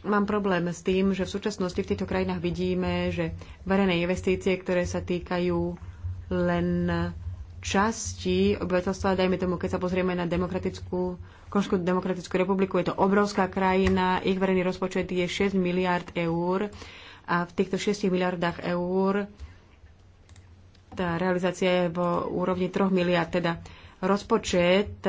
mám problém s tým, že v súčasnosti v týchto krajinách vidíme, že verejné investície, ktoré sa týkajú len časti obyvateľstva, dajme tomu, keď sa pozrieme na demokratickú, Konžskú demokratickú republiku, je to obrovská krajina, ich verejný rozpočet je 6 miliard eur a v týchto 6 miliardách eur tá realizácia je vo úrovni 3 miliard, teda rozpočet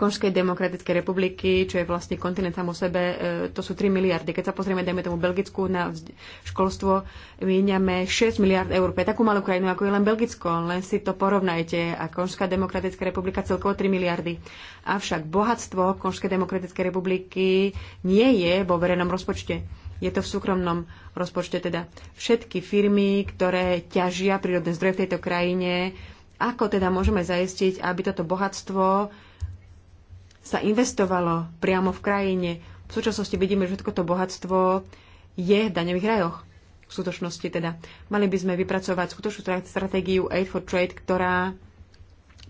Konžskej demokratickej republiky, čo je vlastne kontinent sám o sebe, e, to sú 3 miliardy. Keď sa pozrieme, dajme tomu Belgicku na školstvo, vyňame 6 miliard eur pre takú malú krajinu, ako je len Belgicko. Len si to porovnajte. A Konžská demokratická republika celkovo 3 miliardy. Avšak bohatstvo Konžskej demokratickej republiky nie je vo verejnom rozpočte. Je to v súkromnom rozpočte teda. Všetky firmy, ktoré ťažia prírodné zdroje v tejto krajine, ako teda môžeme zajistiť, aby toto bohatstvo sa investovalo priamo v krajine? V súčasnosti vidíme, že toto bohatstvo je v daňových rajoch. V skutočnosti teda. Mali by sme vypracovať skutočnú stratégiu Aid for Trade, ktorá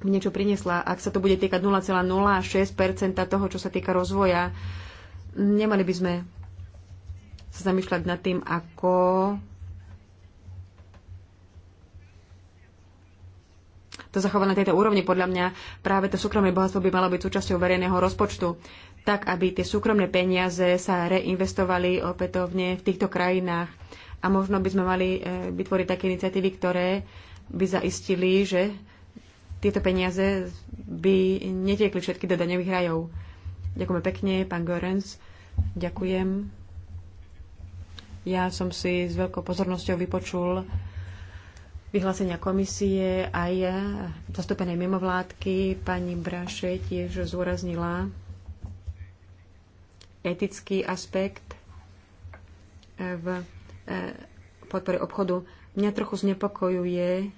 niečo priniesla. Ak sa to bude týkať 0,06 toho, čo sa týka rozvoja, nemali by sme sa zamýšľať nad tým, ako to zachovať na tejto úrovni. Podľa mňa práve to súkromné bohatstvo by malo byť súčasťou verejného rozpočtu, tak aby tie súkromné peniaze sa reinvestovali opätovne v týchto krajinách. A možno by sme mali e, vytvoriť také iniciatívy, ktoré by zaistili, že tieto peniaze by netiekli všetky do daňových rajov. Ďakujeme pekne, pán Görens. Ďakujem. Ja som si s veľkou pozornosťou vypočul vyhlásenia komisie aj zastúpenej mimovládky pani Braše tiež zúraznila etický aspekt eh, v eh, podpore obchodu. Mňa trochu znepokojuje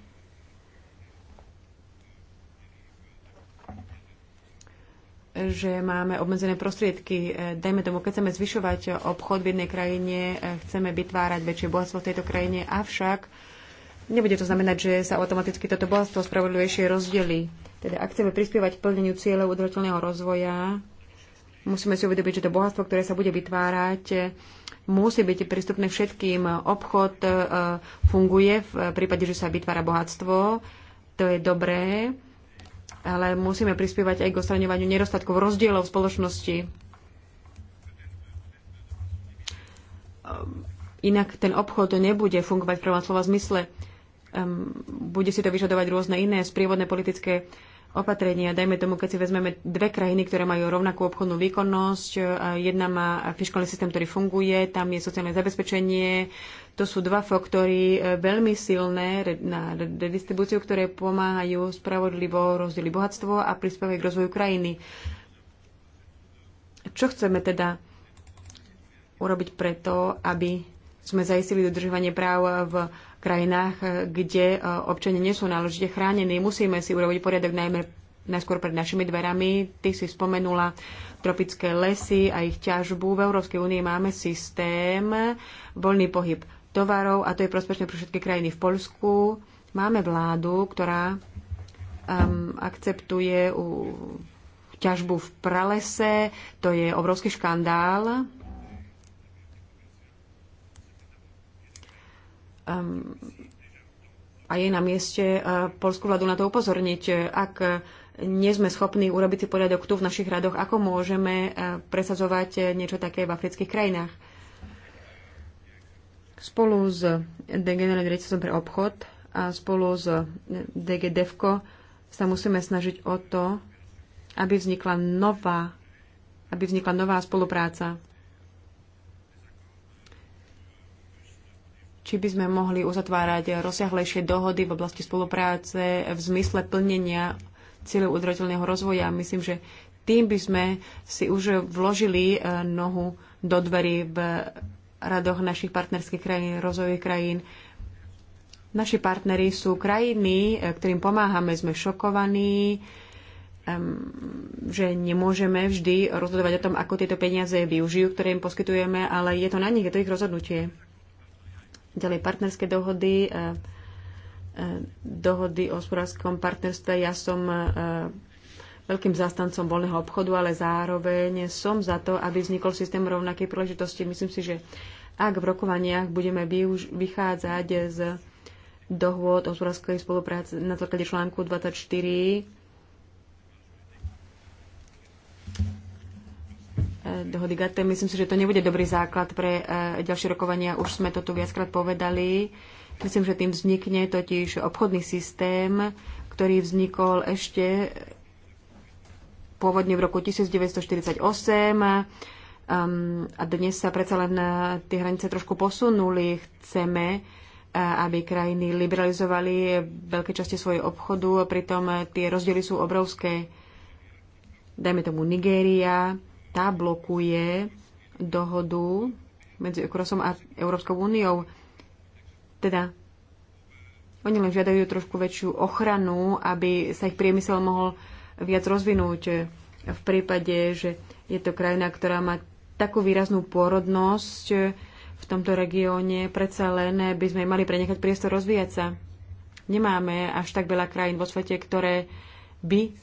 že máme obmedzené prostriedky. Eh, dajme tomu, keď chceme zvyšovať obchod v jednej krajine, chceme vytvárať väčšie bohatstvo v tejto krajine, avšak Nebude to znamenať, že sa automaticky toto bohatstvo spravodlivejšie rozdelí. Teda ak chceme prispievať k plneniu cieľov udržateľného rozvoja, musíme si uvedomiť, že to bohatstvo, ktoré sa bude vytvárať, musí byť prístupné všetkým. Obchod e, funguje v prípade, že sa vytvára bohatstvo. To je dobré, ale musíme prispievať aj k ostraňovaniu nedostatkov rozdielov v spoločnosti. Ehm, inak ten obchod nebude fungovať v prvom slova zmysle bude si to vyžadovať rôzne iné sprievodné politické opatrenia. Dajme tomu, keď si vezmeme dve krajiny, ktoré majú rovnakú obchodnú výkonnosť, e, jedna má fiskálny systém, ktorý funguje, tam je sociálne zabezpečenie. To sú dva faktory e, veľmi silné na redistribúciu, ktoré pomáhajú spravodlivo rozdeliť bohatstvo a prispievajú k rozvoju krajiny. Čo chceme teda urobiť preto, aby sme zaistili dodržovanie práv v krajinách, eh, kde eh, občania nie sú náležite chránení. Musíme si urobiť poriadok najmä najskôr pred našimi dverami. Ty si spomenula tropické lesy a ich ťažbu. V Európskej únii máme systém eh, voľný pohyb tovarov a to je prospešné pre všetky krajiny. V Polsku máme vládu, ktorá um, akceptuje u, ťažbu v pralese. To je obrovský škandál Ehm, a je na mieste eh, polskú vládu na to upozorniť. Ak nie sme schopní urobiť si poriadok tu v našich radoch, ako môžeme eh, presadzovať niečo také v afrických krajinách. Spolu s Degenerálnym riaditeľom pre obchod a spolu s eh, DGDFko sa musíme snažiť o to, aby vznikla nová, aby vznikla nová spolupráca či by sme mohli uzatvárať rozsiahlejšie dohody v oblasti spolupráce v zmysle plnenia cieľov udržateľného rozvoja. Myslím, že tým by sme si už vložili e, nohu do dverí v radoch našich partnerských krajín, rozvojových krajín. Naši partnery sú krajiny, e, ktorým pomáhame, sme šokovaní, že nemôžeme vždy rozhodovať o tom, ako tieto peniaze využijú, ktoré im poskytujeme, ale je to na nich, je to ich rozhodnutie. Ďalej partnerské dohody, e, e, dohody o hospodárskom partnerstve. Ja som e, veľkým zastancom voľného obchodu, ale zároveň som za to, aby vznikol systém rovnakej príležitosti. Myslím si, že ak v rokovaniach budeme vychádzať z dohôd o hospodárskej spolupráci na základe článku 24 Eh, dohody GATT. Myslím si, že to nebude dobrý základ pre eh, ďalšie rokovania. Už sme to tu viackrát povedali. Myslím, že tým vznikne totiž obchodný systém, ktorý vznikol ešte pôvodne v roku 1948 ehm, a dnes sa predsa len eh, tie hranice trošku posunuli. Chceme, aby krajiny liberalizovali veľké časti svojho obchodu, pritom tie rozdiely sú obrovské. Dajme tomu Nigéria, tá blokuje dohodu medzi Eurosom a Európskou úniou. Teda oni len žiadajú trošku väčšiu ochranu, aby sa ich priemysel mohol viac rozvinúť v prípade, že je to krajina, ktorá má takú výraznú pôrodnosť v tomto regióne, predsa len by sme mali prenechať priestor rozvíjať sa. Nemáme až tak veľa krajín vo svete, ktoré by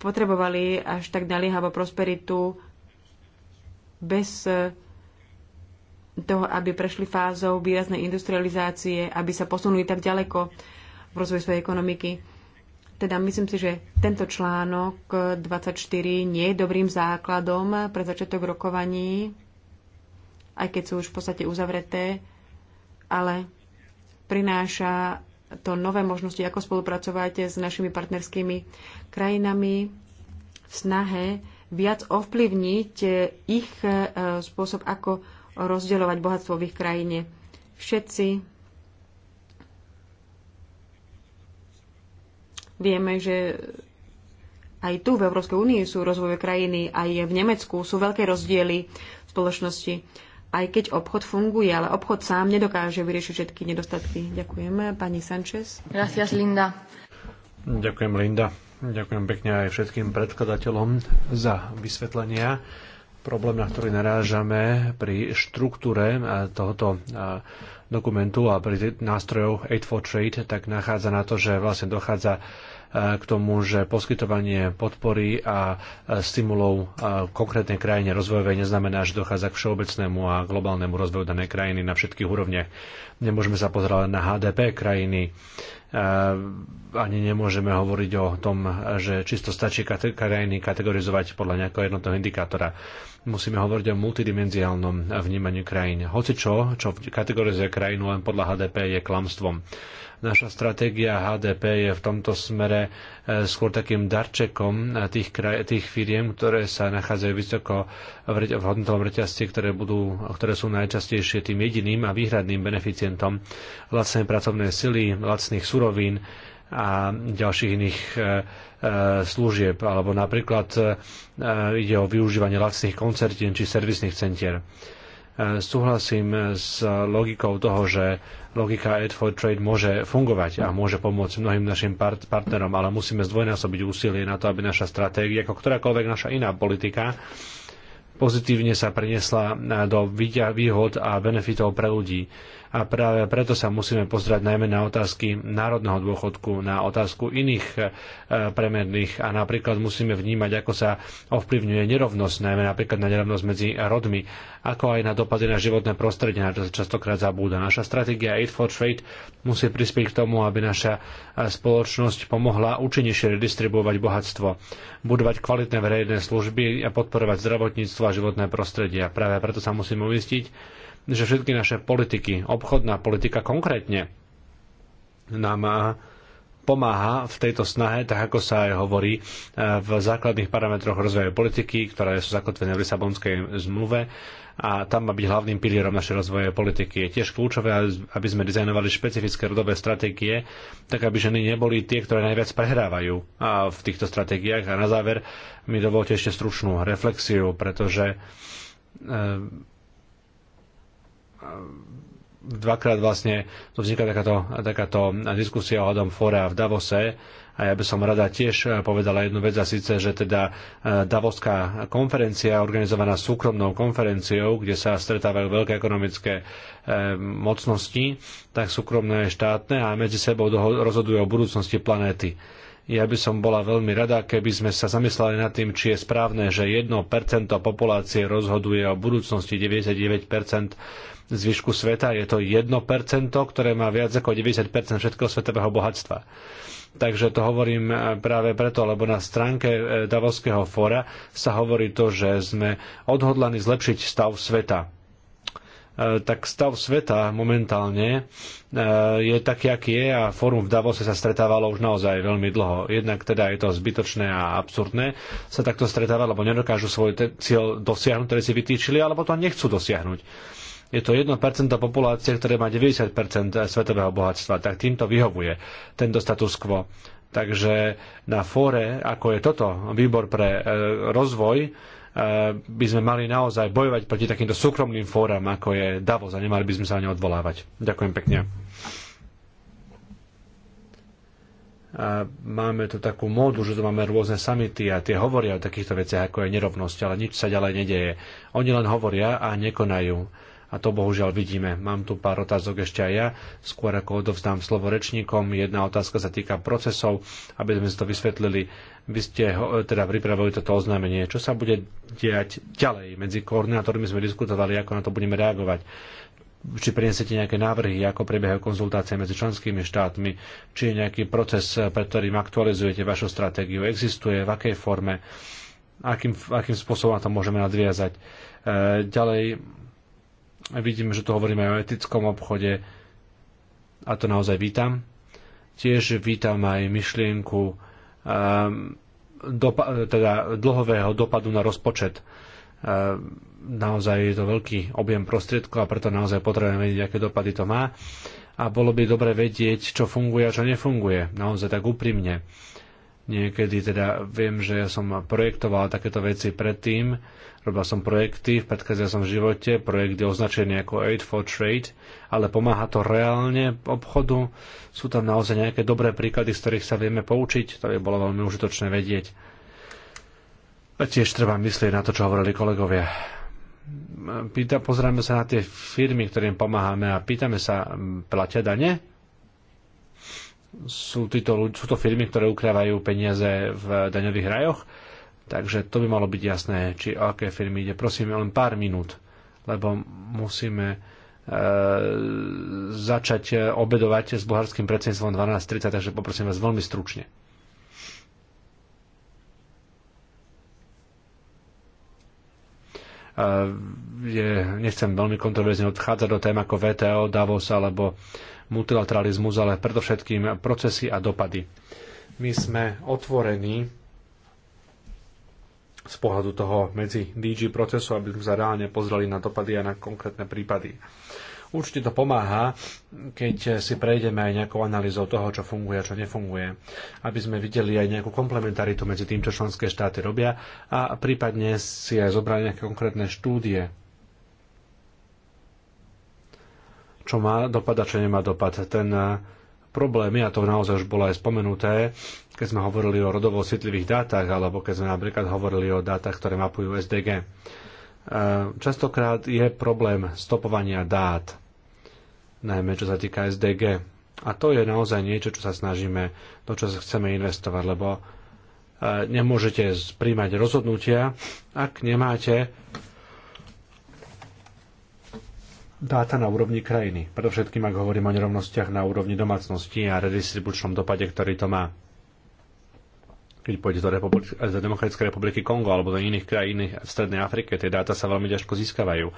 potrebovali až tak naliehavo prosperitu bez e, toho, aby prešli fázou výraznej industrializácie, aby sa posunuli tak ďaleko v rozvoji svojej ekonomiky. Teda myslím si, že tento článok 24 nie je dobrým základom pre začiatok rokovaní, aj keď sú už v podstate uzavreté, ale prináša to nové možnosti, ako spolupracovať s našimi partnerskými krajinami v snahe viac ovplyvniť eh, ich eh, spôsob, ako rozdeľovať bohatstvo v ich krajine. Všetci vieme, že aj tu v Európskej únii sú rozvojové krajiny, aj v Nemecku sú veľké rozdiely v spoločnosti aj keď obchod funguje, ale obchod sám nedokáže vyriešiť všetky nedostatky. Ďakujem, Pani Sanchez. Gracias, Linda. Ďakujem, Linda. Ďakujem pekne aj všetkým predkladateľom za vysvetlenia. Problém, na ktorý narážame pri štruktúre tohoto dokumentu a pri nástrojov Aid for Trade, tak nachádza na to, že vlastne dochádza k tomu, že poskytovanie podpory a e, stimulov e, konkrétnej krajine rozvojovej neznamená, že dochádza k všeobecnému a globálnemu rozvoju danej krajiny na všetkých úrovniach. Nemôžeme sa pozerať len na HDP krajiny, e, ani nemôžeme hovoriť o tom, že čisto stačí krajiny kategorizovať podľa nejakého jednotného indikátora. Musíme hovoriť o multidimenziálnom vnímaní krajín. Hoci čo, čo kategorizuje krajinu len podľa HDP, je klamstvom. Naša stratégia HDP je v tomto smere e, skôr takým darčekom e, tých, kraj, tých firiem, ktoré sa nachádzajú vysoko v hodnotovom reťazci, ktoré, budú, ktoré sú najčastejšie tým jediným a výhradným beneficientom lacnej pracovnej sily, lacných surovín a ďalších iných e, služieb, alebo napríklad ide o využívanie lacných koncertín či servisných centier. E, súhlasím s logikou toho, že logika Aid for Trade môže fungovať a môže pomôcť mnohým našim part- partnerom, ale musíme zdvojnásobiť úsilie na to, aby naša stratégia, ako ktorákoľvek naša iná politika, pozitívne sa preniesla do výhod a benefitov pre ľudí a práve preto sa musíme pozrieť najmä na otázky národného dôchodku, na otázku iných e, premerných a napríklad musíme vnímať, ako sa ovplyvňuje nerovnosť, najmä napríklad na nerovnosť medzi rodmi, ako aj na dopady na životné prostredie, na čo sa častokrát zabúda. Naša stratégia Aid for Trade musí prispieť k tomu, aby naša e, spoločnosť pomohla účinnejšie redistribuovať bohatstvo, budovať kvalitné verejné služby a podporovať zdravotníctvo a životné prostredie. Práve preto sa musíme uistiť, že všetky naše politiky, obchodná politika konkrétne, nám eh, pomáha v tejto snahe, tak ako sa aj hovorí eh, v základných parametroch rozvoja politiky, ktoré sú zakotvené v Lisabonskej zmluve a tam má byť hlavným pilierom našej rozvoje politiky. Je tiež kľúčové, aby sme dizajnovali špecifické rodové stratégie, tak aby ženy neboli tie, ktoré najviac prehrávajú v týchto stratégiách. A na záver mi dovolte ešte stručnú reflexiu, pretože eh, E, dvakrát vlastne to vzniká takáto, takáto diskusia hľadom fóra v Davose a ja by som rada tiež e, povedala jednu vec a síce, že teda e, Davoská konferencia organizovaná súkromnou konferenciou, kde sa stretávajú veľké ekonomické mocnosti, tak súkromné štátne a medzi sebou rozhodujú o budúcnosti planéty. Ja by som bola veľmi rada, keby sme sa zamysleli nad tým, či je správne, že 1% populácie rozhoduje o budúcnosti 99% zvyšku sveta. Je to 1%, ktoré má viac ako 90% všetkého svetového bohatstva. Takže to hovorím eh, práve preto, lebo na stránke eh, Davoského fóra sa hovorí to, že sme odhodlani zlepšiť stav sveta E, tak stav sveta momentálne e, je taký, aký je a fórum v Davose sa stretávalo už naozaj veľmi dlho. Jednak teda je to zbytočné a absurdné sa takto stretávať, lebo nedokážu svoj cieľ dosiahnuť, ktorý si vytýčili, alebo to nechcú dosiahnuť je to 1% populácie, ktoré má 90% svetového bohatstva, tak týmto vyhovuje tento status quo. Takže na fóre, ako je toto, výbor pre e, rozvoj, Eh, by sme mali naozaj bojovať proti takýmto súkromným fóram, ako je Davos a nemali by sme sa na ne odvolávať. Ďakujem pekne. A máme tu takú módu, že tu máme rôzne samity a tie hovoria o takýchto veciach, ako je nerovnosť, ale nič sa ďalej nedeje. Oni len hovoria a nekonajú. A to bohužiaľ vidíme. Mám tu pár otázok ešte aj ja. Skôr ako odovzdám slovo rečníkom, jedna otázka sa týka procesov, aby sme si to vysvetlili. Vy ste ho, e, teda pripravili toto oznámenie. Čo sa bude diať ďalej? Medzi koordinátormi sme diskutovali, ako na to budeme reagovať či prinesete nejaké návrhy, ako prebiehajú konzultácie medzi členskými štátmi, či je nejaký proces, e, pred ktorým aktualizujete vašu stratégiu, existuje, v akej forme, akým, akým spôsobom to môžeme nadviazať. E, ďalej vidíme, že tu hovoríme o etickom obchode a to naozaj vítam. Tiež vítam aj myšlienku Ehm, dopa- teda dlhového dopadu na rozpočet. Ehm, naozaj je to veľký objem prostriedkov a preto naozaj potrebujeme vedieť, aké dopady to má. A bolo by dobre vedieť, čo funguje a čo nefunguje. Naozaj tak úprimne. Niekedy teda viem, že ja som projektoval takéto veci predtým, Robil som projekty v predchádzajúcom živote, projekt je označený ako Aid for Trade, ale pomáha to reálne obchodu. Sú tam naozaj nejaké dobré príklady, z ktorých sa vieme poučiť, to by bolo veľmi užitočné vedieť. A tiež treba myslieť na to, čo hovorili kolegovia. Pýta, pozrieme sa na tie firmy, ktorým pomáhame a pýtame sa, platia dane? Sú, títo, sú to firmy, ktoré ukrávajú peniaze v daňových rajoch? Takže to by malo byť jasné, či o aké firmy ide. Prosím, len pár minút, lebo musíme e, začať e, obedovať s bulharským predsedníctvom 12.30, takže poprosím vás veľmi stručne. E, je, nechcem veľmi kontroverzne odchádzať do tém ako VTO, Davos alebo multilateralizmus, ale predovšetkým procesy a dopady. My sme otvorení z pohľadu toho medzi DG procesu, aby sme sa reálne pozreli na dopady a na konkrétne prípady. Určite to pomáha, keď si prejdeme aj nejakou analýzou toho, čo funguje a čo nefunguje, aby sme videli aj nejakú komplementaritu medzi tým, čo členské štáty robia a prípadne si aj zobrali nejaké konkrétne štúdie, čo má dopad a čo nemá dopad. Ten eh, problém, a to naozaj už bolo aj spomenuté, keď sme hovorili o rodovo citlivých dátach, alebo keď sme napríklad hovorili o dátach, ktoré mapujú SDG. E, častokrát je problém stopovania dát, najmä čo sa týka SDG. A to je naozaj niečo, čo sa snažíme, do čo chceme investovať, lebo e, nemôžete príjmať rozhodnutia, ak nemáte dáta na úrovni krajiny. Predovšetkým, ak hovorím o nerovnostiach na úrovni domácnosti a redistribučnom dopade, ktorý to má keď pôjde do republiky, do Demokratickej republiky Kongo alebo do iných krajín v Strednej Afrike, tie dáta sa veľmi ťažko získavajú.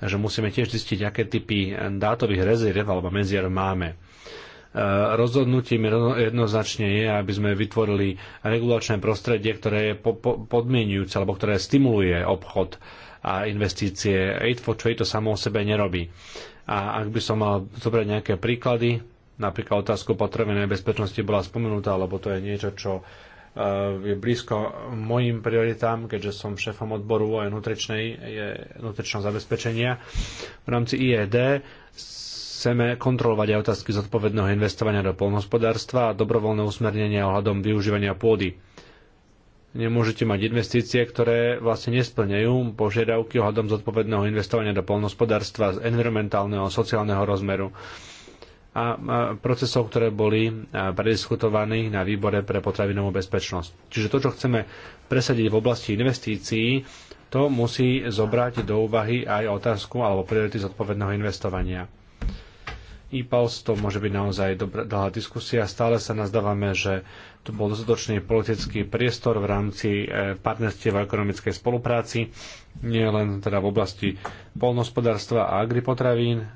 Takže musíme tiež zistiť, aké typy dátových rezerv alebo medzier máme. E, rozhodnutím jednoznačne je, aby sme vytvorili regulačné prostredie, ktoré je po, po, podmienujúce alebo ktoré stimuluje obchod a investície. Aid čo Trade to samo o sebe nerobí. A ak by som mal zobrať nejaké príklady, napríklad otázku potrebenej bezpečnosti bola spomenutá, lebo to je niečo, čo Eh, je blízko mojim prioritám, keďže som šéfom odboru aj nutričnej, je nutričného zabezpečenia. V rámci IED chceme kontrolovať aj otázky zodpovedného investovania do polnohospodárstva a dobrovoľné usmernenia ohľadom využívania pôdy. Nemôžete mať investície, ktoré vlastne nesplňajú požiadavky ohľadom zodpovedného investovania do polnohospodárstva z environmentálneho a sociálneho rozmeru a procesov, ktoré boli prediskutovaní na výbore pre potravinovú bezpečnosť. Čiže to, čo chceme presadiť v oblasti investícií, to musí zobrať do úvahy aj otázku alebo priority zodpovedného investovania. IPALS to môže byť naozaj dobrá, dlhá diskusia. Stále sa nazdávame, že tu bol dostatočný politický priestor v rámci e, partnerstiev a ekonomickej spolupráci, nie len teda v oblasti polnospodárstva a agripotravín,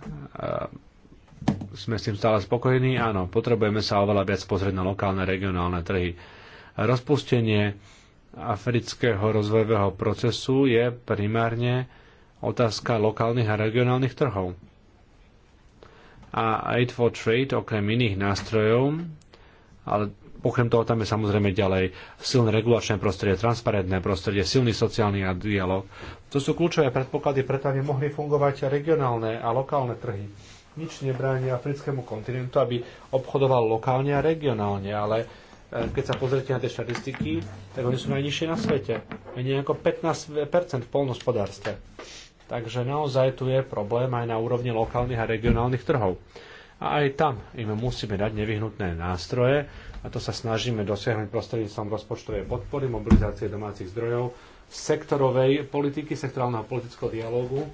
sme s tým stále spokojní? Áno, potrebujeme sa oveľa viac pozrieť na lokálne, regionálne trhy. Rozpustenie afrického rozvojového procesu je primárne otázka lokálnych a regionálnych trhov. A Aid for Trade, okrem iných nástrojov, ale okrem toho tam je samozrejme ďalej silné regulačné prostredie, transparentné prostredie, silný sociálny dialog. To sú kľúčové predpoklady, preto aby mohli fungovať regionálne a lokálne trhy nič nebráni africkému kontinentu, aby obchodoval lokálne a regionálne, ale e, keď sa pozrite na tie štatistiky, tak oni sú najnižšie na svete. Menej ako 15% v polnospodárstve. Takže naozaj tu je problém aj na úrovni lokálnych a regionálnych trhov. A aj tam im musíme dať nevyhnutné nástroje a to sa snažíme dosiahnuť prostredníctvom rozpočtovej podpory, mobilizácie domácich zdrojov, sektorovej politiky, sektorálneho politického dialógu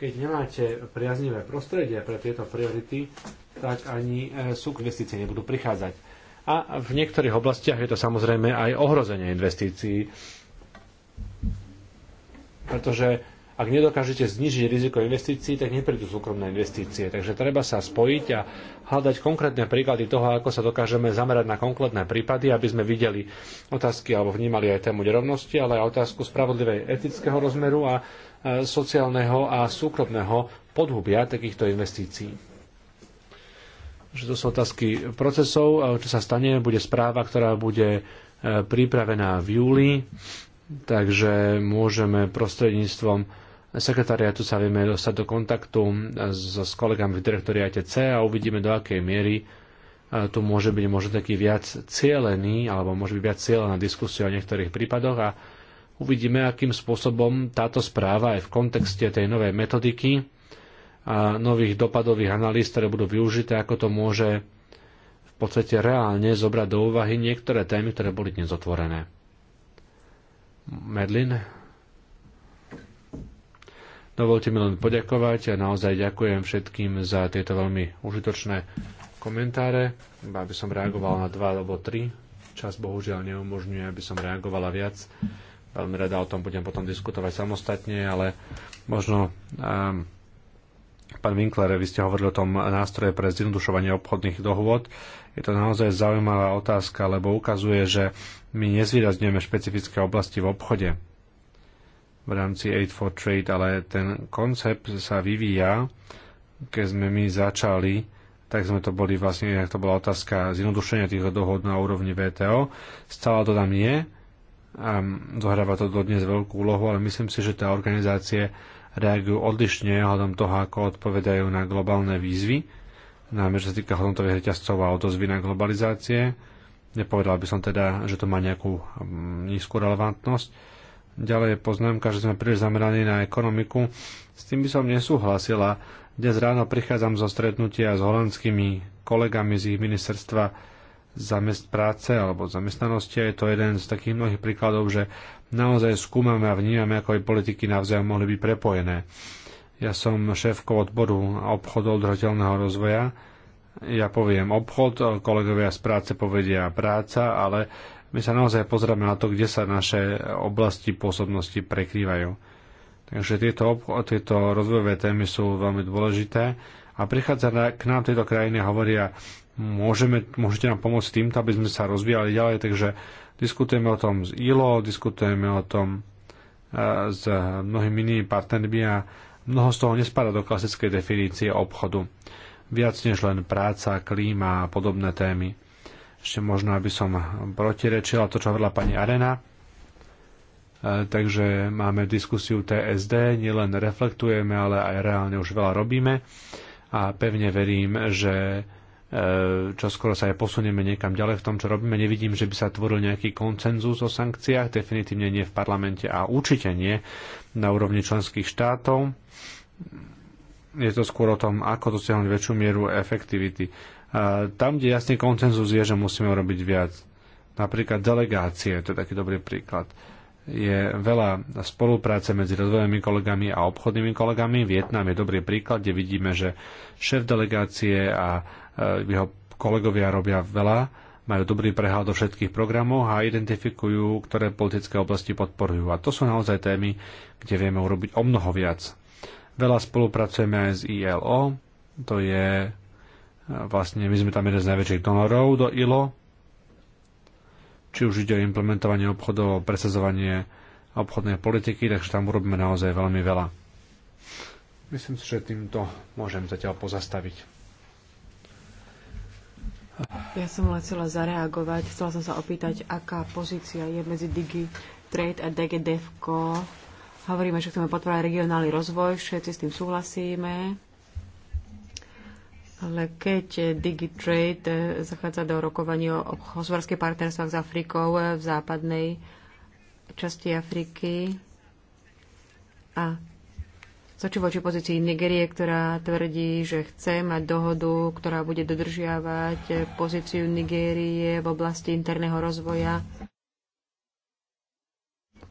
keď nemáte priaznivé prostredie pre tieto priority, tak ani e, sú investície nebudú prichádzať. A v niektorých oblastiach je to samozrejme aj ohrozenie investícií, pretože ak nedokážete znižiť riziko investícií, tak neprídu súkromné investície. Takže treba sa spojiť a hľadať konkrétne príklady toho, ako sa dokážeme zamerať na konkrétne prípady, aby sme videli otázky alebo vnímali aj tému nerovnosti, ale aj otázku spravodlivej etického rozmeru a e, sociálneho a súkromného podhubia takýchto investícií že to sú otázky procesov, e, čo sa stane, bude správa, ktorá bude e, pripravená v júli, takže môžeme prostredníctvom sekretariatu sa vieme dostať do kontaktu s, s kolegami v direktoriate C a uvidíme do akej miery e, tu môže byť možno taký viac cieľený alebo môže byť viac cieľená diskusia o niektorých prípadoch a uvidíme, akým spôsobom táto správa aj v kontexte tej novej metodiky a nových dopadových analýz, ktoré budú využité, ako to môže v podstate reálne zobrať do úvahy niektoré témy, ktoré boli dnes otvorené. Medlin, Dovolte mi len poďakovať a naozaj ďakujem všetkým za tieto veľmi užitočné komentáre. Iba som reagoval na dva alebo tri. Čas bohužiaľ neumožňuje, aby som reagovala viac. Veľmi rada o tom budem potom diskutovať samostatne, ale možno um, Pán Winkler, vy ste hovorili o tom nástroje pre zjednodušovanie obchodných dohôd. Je to naozaj zaujímavá otázka, lebo ukazuje, že my nezvýrazňujeme špecifické oblasti v obchode v rámci Aid for Trade, ale ten koncept sa vyvíja. Keď sme my začali, tak sme to boli vlastne, ak to bola otázka zjednodušenia týchto dohod na úrovni VTO. Stále to tam je a zohráva to dodnes veľkú úlohu, ale myslím si, že tá organizácie reagujú odlišne hľadom toho, ako odpovedajú na globálne výzvy, najmä čo sa týka hodnotových reťazcov a odozvy na globalizácie. Nepovedal by som teda, že to má nejakú mm, nízku relevantnosť Ďalej je poznámka, že sme príliš zameraní na ekonomiku. S tým by som nesúhlasila. Dnes ráno prichádzam zo stretnutia s holandskými kolegami z ich ministerstva zamest práce alebo zamestnanosti je to jeden z takých mnohých príkladov, že naozaj skúmame a vnímame, ako aj politiky navzájom mohli byť prepojené. Ja som šéfkou odboru obchodov udržateľného rozvoja. Ja poviem obchod, kolegovia z práce povedia práca, ale my sa naozaj pozrieme na to, kde sa naše oblasti pôsobnosti prekrývajú. Takže tieto, tieto rozvojové témy sú veľmi dôležité a prichádza k nám tieto krajiny a hovoria, môžeme, môžete nám pomôcť týmto, aby sme sa rozvíjali ďalej, takže diskutujeme o tom z ILO, diskutujeme o tom e, s mnohými inými partnermi a mnoho z toho nespada do klasickej definície obchodu. Viac než len práca, klíma a podobné témy. Ešte možno, aby som protirečila to, čo hovorila pani Arena. E, takže máme diskusiu TSD, nielen reflektujeme, ale aj reálne už veľa robíme a pevne verím, že e, čo skoro sa aj posunieme niekam ďalej v tom, čo robíme. Nevidím, že by sa tvoril nejaký koncenzus o sankciách, definitívne nie v parlamente a určite nie na úrovni členských štátov. Je to skôr o tom, ako dosiahnuť väčšiu mieru efektivity tam, kde jasný koncenzus je, že musíme urobiť viac. Napríklad delegácie, to je taký dobrý príklad. Je veľa spolupráce medzi rozvojovými kolegami a obchodnými kolegami. Vietnam je dobrý príklad, kde vidíme, že šéf delegácie a e, jeho kolegovia robia veľa, majú dobrý prehľad o všetkých programoch a identifikujú, ktoré politické oblasti podporujú. A to sú naozaj témy, kde vieme urobiť o mnoho viac. Veľa spolupracujeme aj s ILO, to je Vlastne my sme tam jeden z najväčších donorov do ILO, či už ide o implementovanie obchodov, o presazovanie obchodnej politiky, takže tam urobíme naozaj veľmi veľa. Myslím si, že týmto môžem zatiaľ pozastaviť. Ja som len chcela zareagovať. Chcela som sa opýtať, aká pozícia je medzi Digi Trade a DGDFCO. Hovoríme, že chceme podporovať regionálny rozvoj, všetci s tým súhlasíme. Ale keď DigiTrade eh, zachádza do rokovania o hospodárskych partnerstvách s Afrikou eh, v západnej časti Afriky a voči pozícii Nigerie, ktorá tvrdí, že chce mať dohodu, ktorá bude dodržiavať eh, pozíciu Nigérie v oblasti interného rozvoja.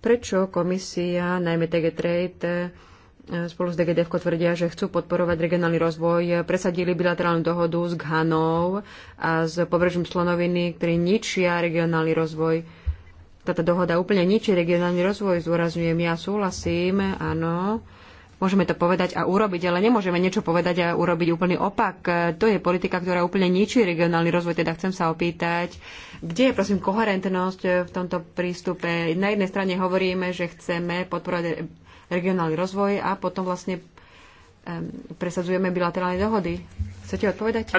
Prečo komisia, najmä TG Trade, spolu s DGDF tvrdia, že chcú podporovať regionálny rozvoj, presadili bilaterálnu dohodu s Ghanou a s pobrežím Slonoviny, ktorý ničia regionálny rozvoj. Táto dohoda úplne ničí regionálny rozvoj, zdôrazňujem, ja súhlasím, áno. Môžeme to povedať a urobiť, ale nemôžeme niečo povedať a urobiť úplný opak. To je politika, ktorá úplne ničí regionálny rozvoj. Teda chcem sa opýtať, kde je prosím koherentnosť v tomto prístupe? Na jednej strane hovoríme, že chceme podporovať regionálny rozvoj a potom vlastne presadzujeme bilaterálne dohody. Chcete odpovedať?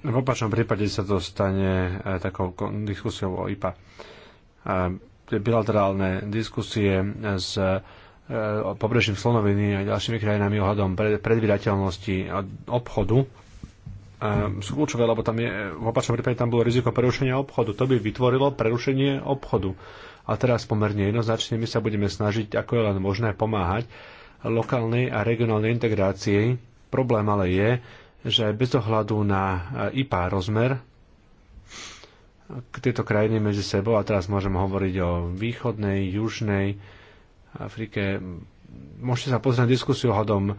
V opačnom prípade sa to stane eh, takou diskusiou o IPA. Eh, bilaterálne diskusie s eh, pobrežím Slonoviny a ďalšími krajinami ohľadom predvydateľnosti obchodu sú kľúčové, lebo tam je, v opačnom prípade tam bolo riziko prerušenia obchodu. To by vytvorilo prerušenie obchodu. A teraz pomerne jednoznačne my sa budeme snažiť, ako je len možné, pomáhať lokálnej a regionálnej integrácii. Problém ale je, že bez ohľadu na IPA rozmer, tieto krajiny medzi sebou, a teraz môžem hovoriť o východnej, južnej Afrike, môžete sa pozrieť na diskusiu ohľadom eh,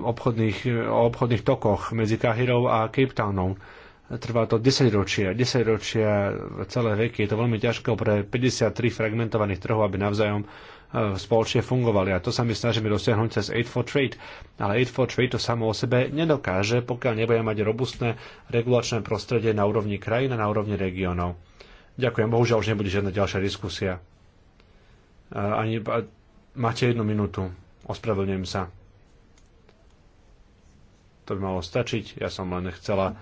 obchodných, o obchodných tokoch medzi Kahirou a Cape Townom trvá to 10 ročia, 10 ročia, celé veky. Je to veľmi ťažké pre 53 fragmentovaných trhov, aby navzájom e, spoločne fungovali. A to sa my snažíme dosiahnuť cez Aid for Trade. Ale Aid for Trade to samo o sebe nedokáže, pokiaľ nebude mať robustné regulačné prostredie na úrovni krajín a na úrovni regiónov. Ďakujem. Bohužiaľ už nebude žiadna ďalšia diskusia. E, ani, máte jednu minútu. Ospravedlňujem sa. To by malo stačiť. Ja som len chcela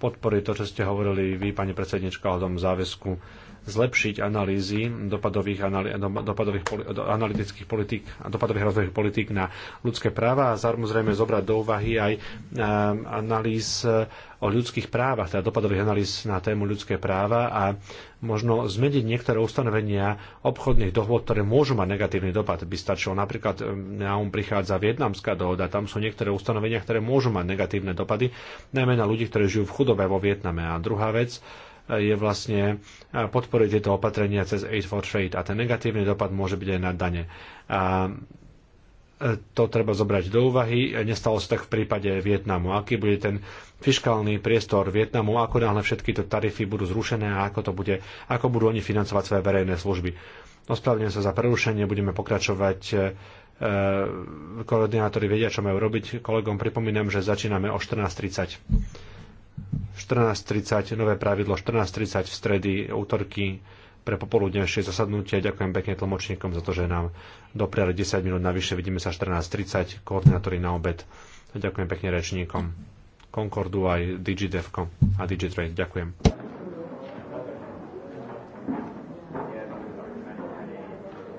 podporiť to, čo ste hovorili vy, pani predsednička, o tom záväzku zlepšiť analýzy dopadových, analý, dopadových analytických politík a dopadových rozvojových politík na ľudské práva a samozrejme zobrať do úvahy aj eh, analýz eh, o ľudských právach, teda dopadových analýz na tému ľudské práva a možno zmeniť niektoré ustanovenia obchodných dohôd, ktoré môžu mať negatívny dopad. By stačilo napríklad, eh, na um prichádza vietnamská dohoda, tam sú niektoré ustanovenia, ktoré môžu mať negatívne dopady, najmä na ľudí, ktorí žijú v chudobe vo Vietname. A druhá vec, je vlastne podporiť tieto opatrenia cez Aid for Trade a ten negatívny dopad môže byť aj na dane. A e, to treba zobrať do úvahy. Nestalo sa tak v prípade Vietnamu. Aký bude ten fiskálny priestor Vietnamu, ako náhle všetky to tarify budú zrušené a ako, to bude, ako budú oni financovať svoje verejné služby. Ospravedlňujem sa za prerušenie, budeme pokračovať e, e, koordinátori vedia, čo majú robiť. Kolegom pripomínam, že začíname o 14.30. 14.30, nové pravidlo 14.30 v stredy, útorky pre popoludnejšie zasadnutie. Ďakujem pekne tlmočníkom za to, že nám dopriali 10 minút navyše. Vidíme sa 14.30, koordinátori na obed. Ďakujem pekne rečníkom. Concordu aj DigiDevko a DigiTrade. Ďakujem.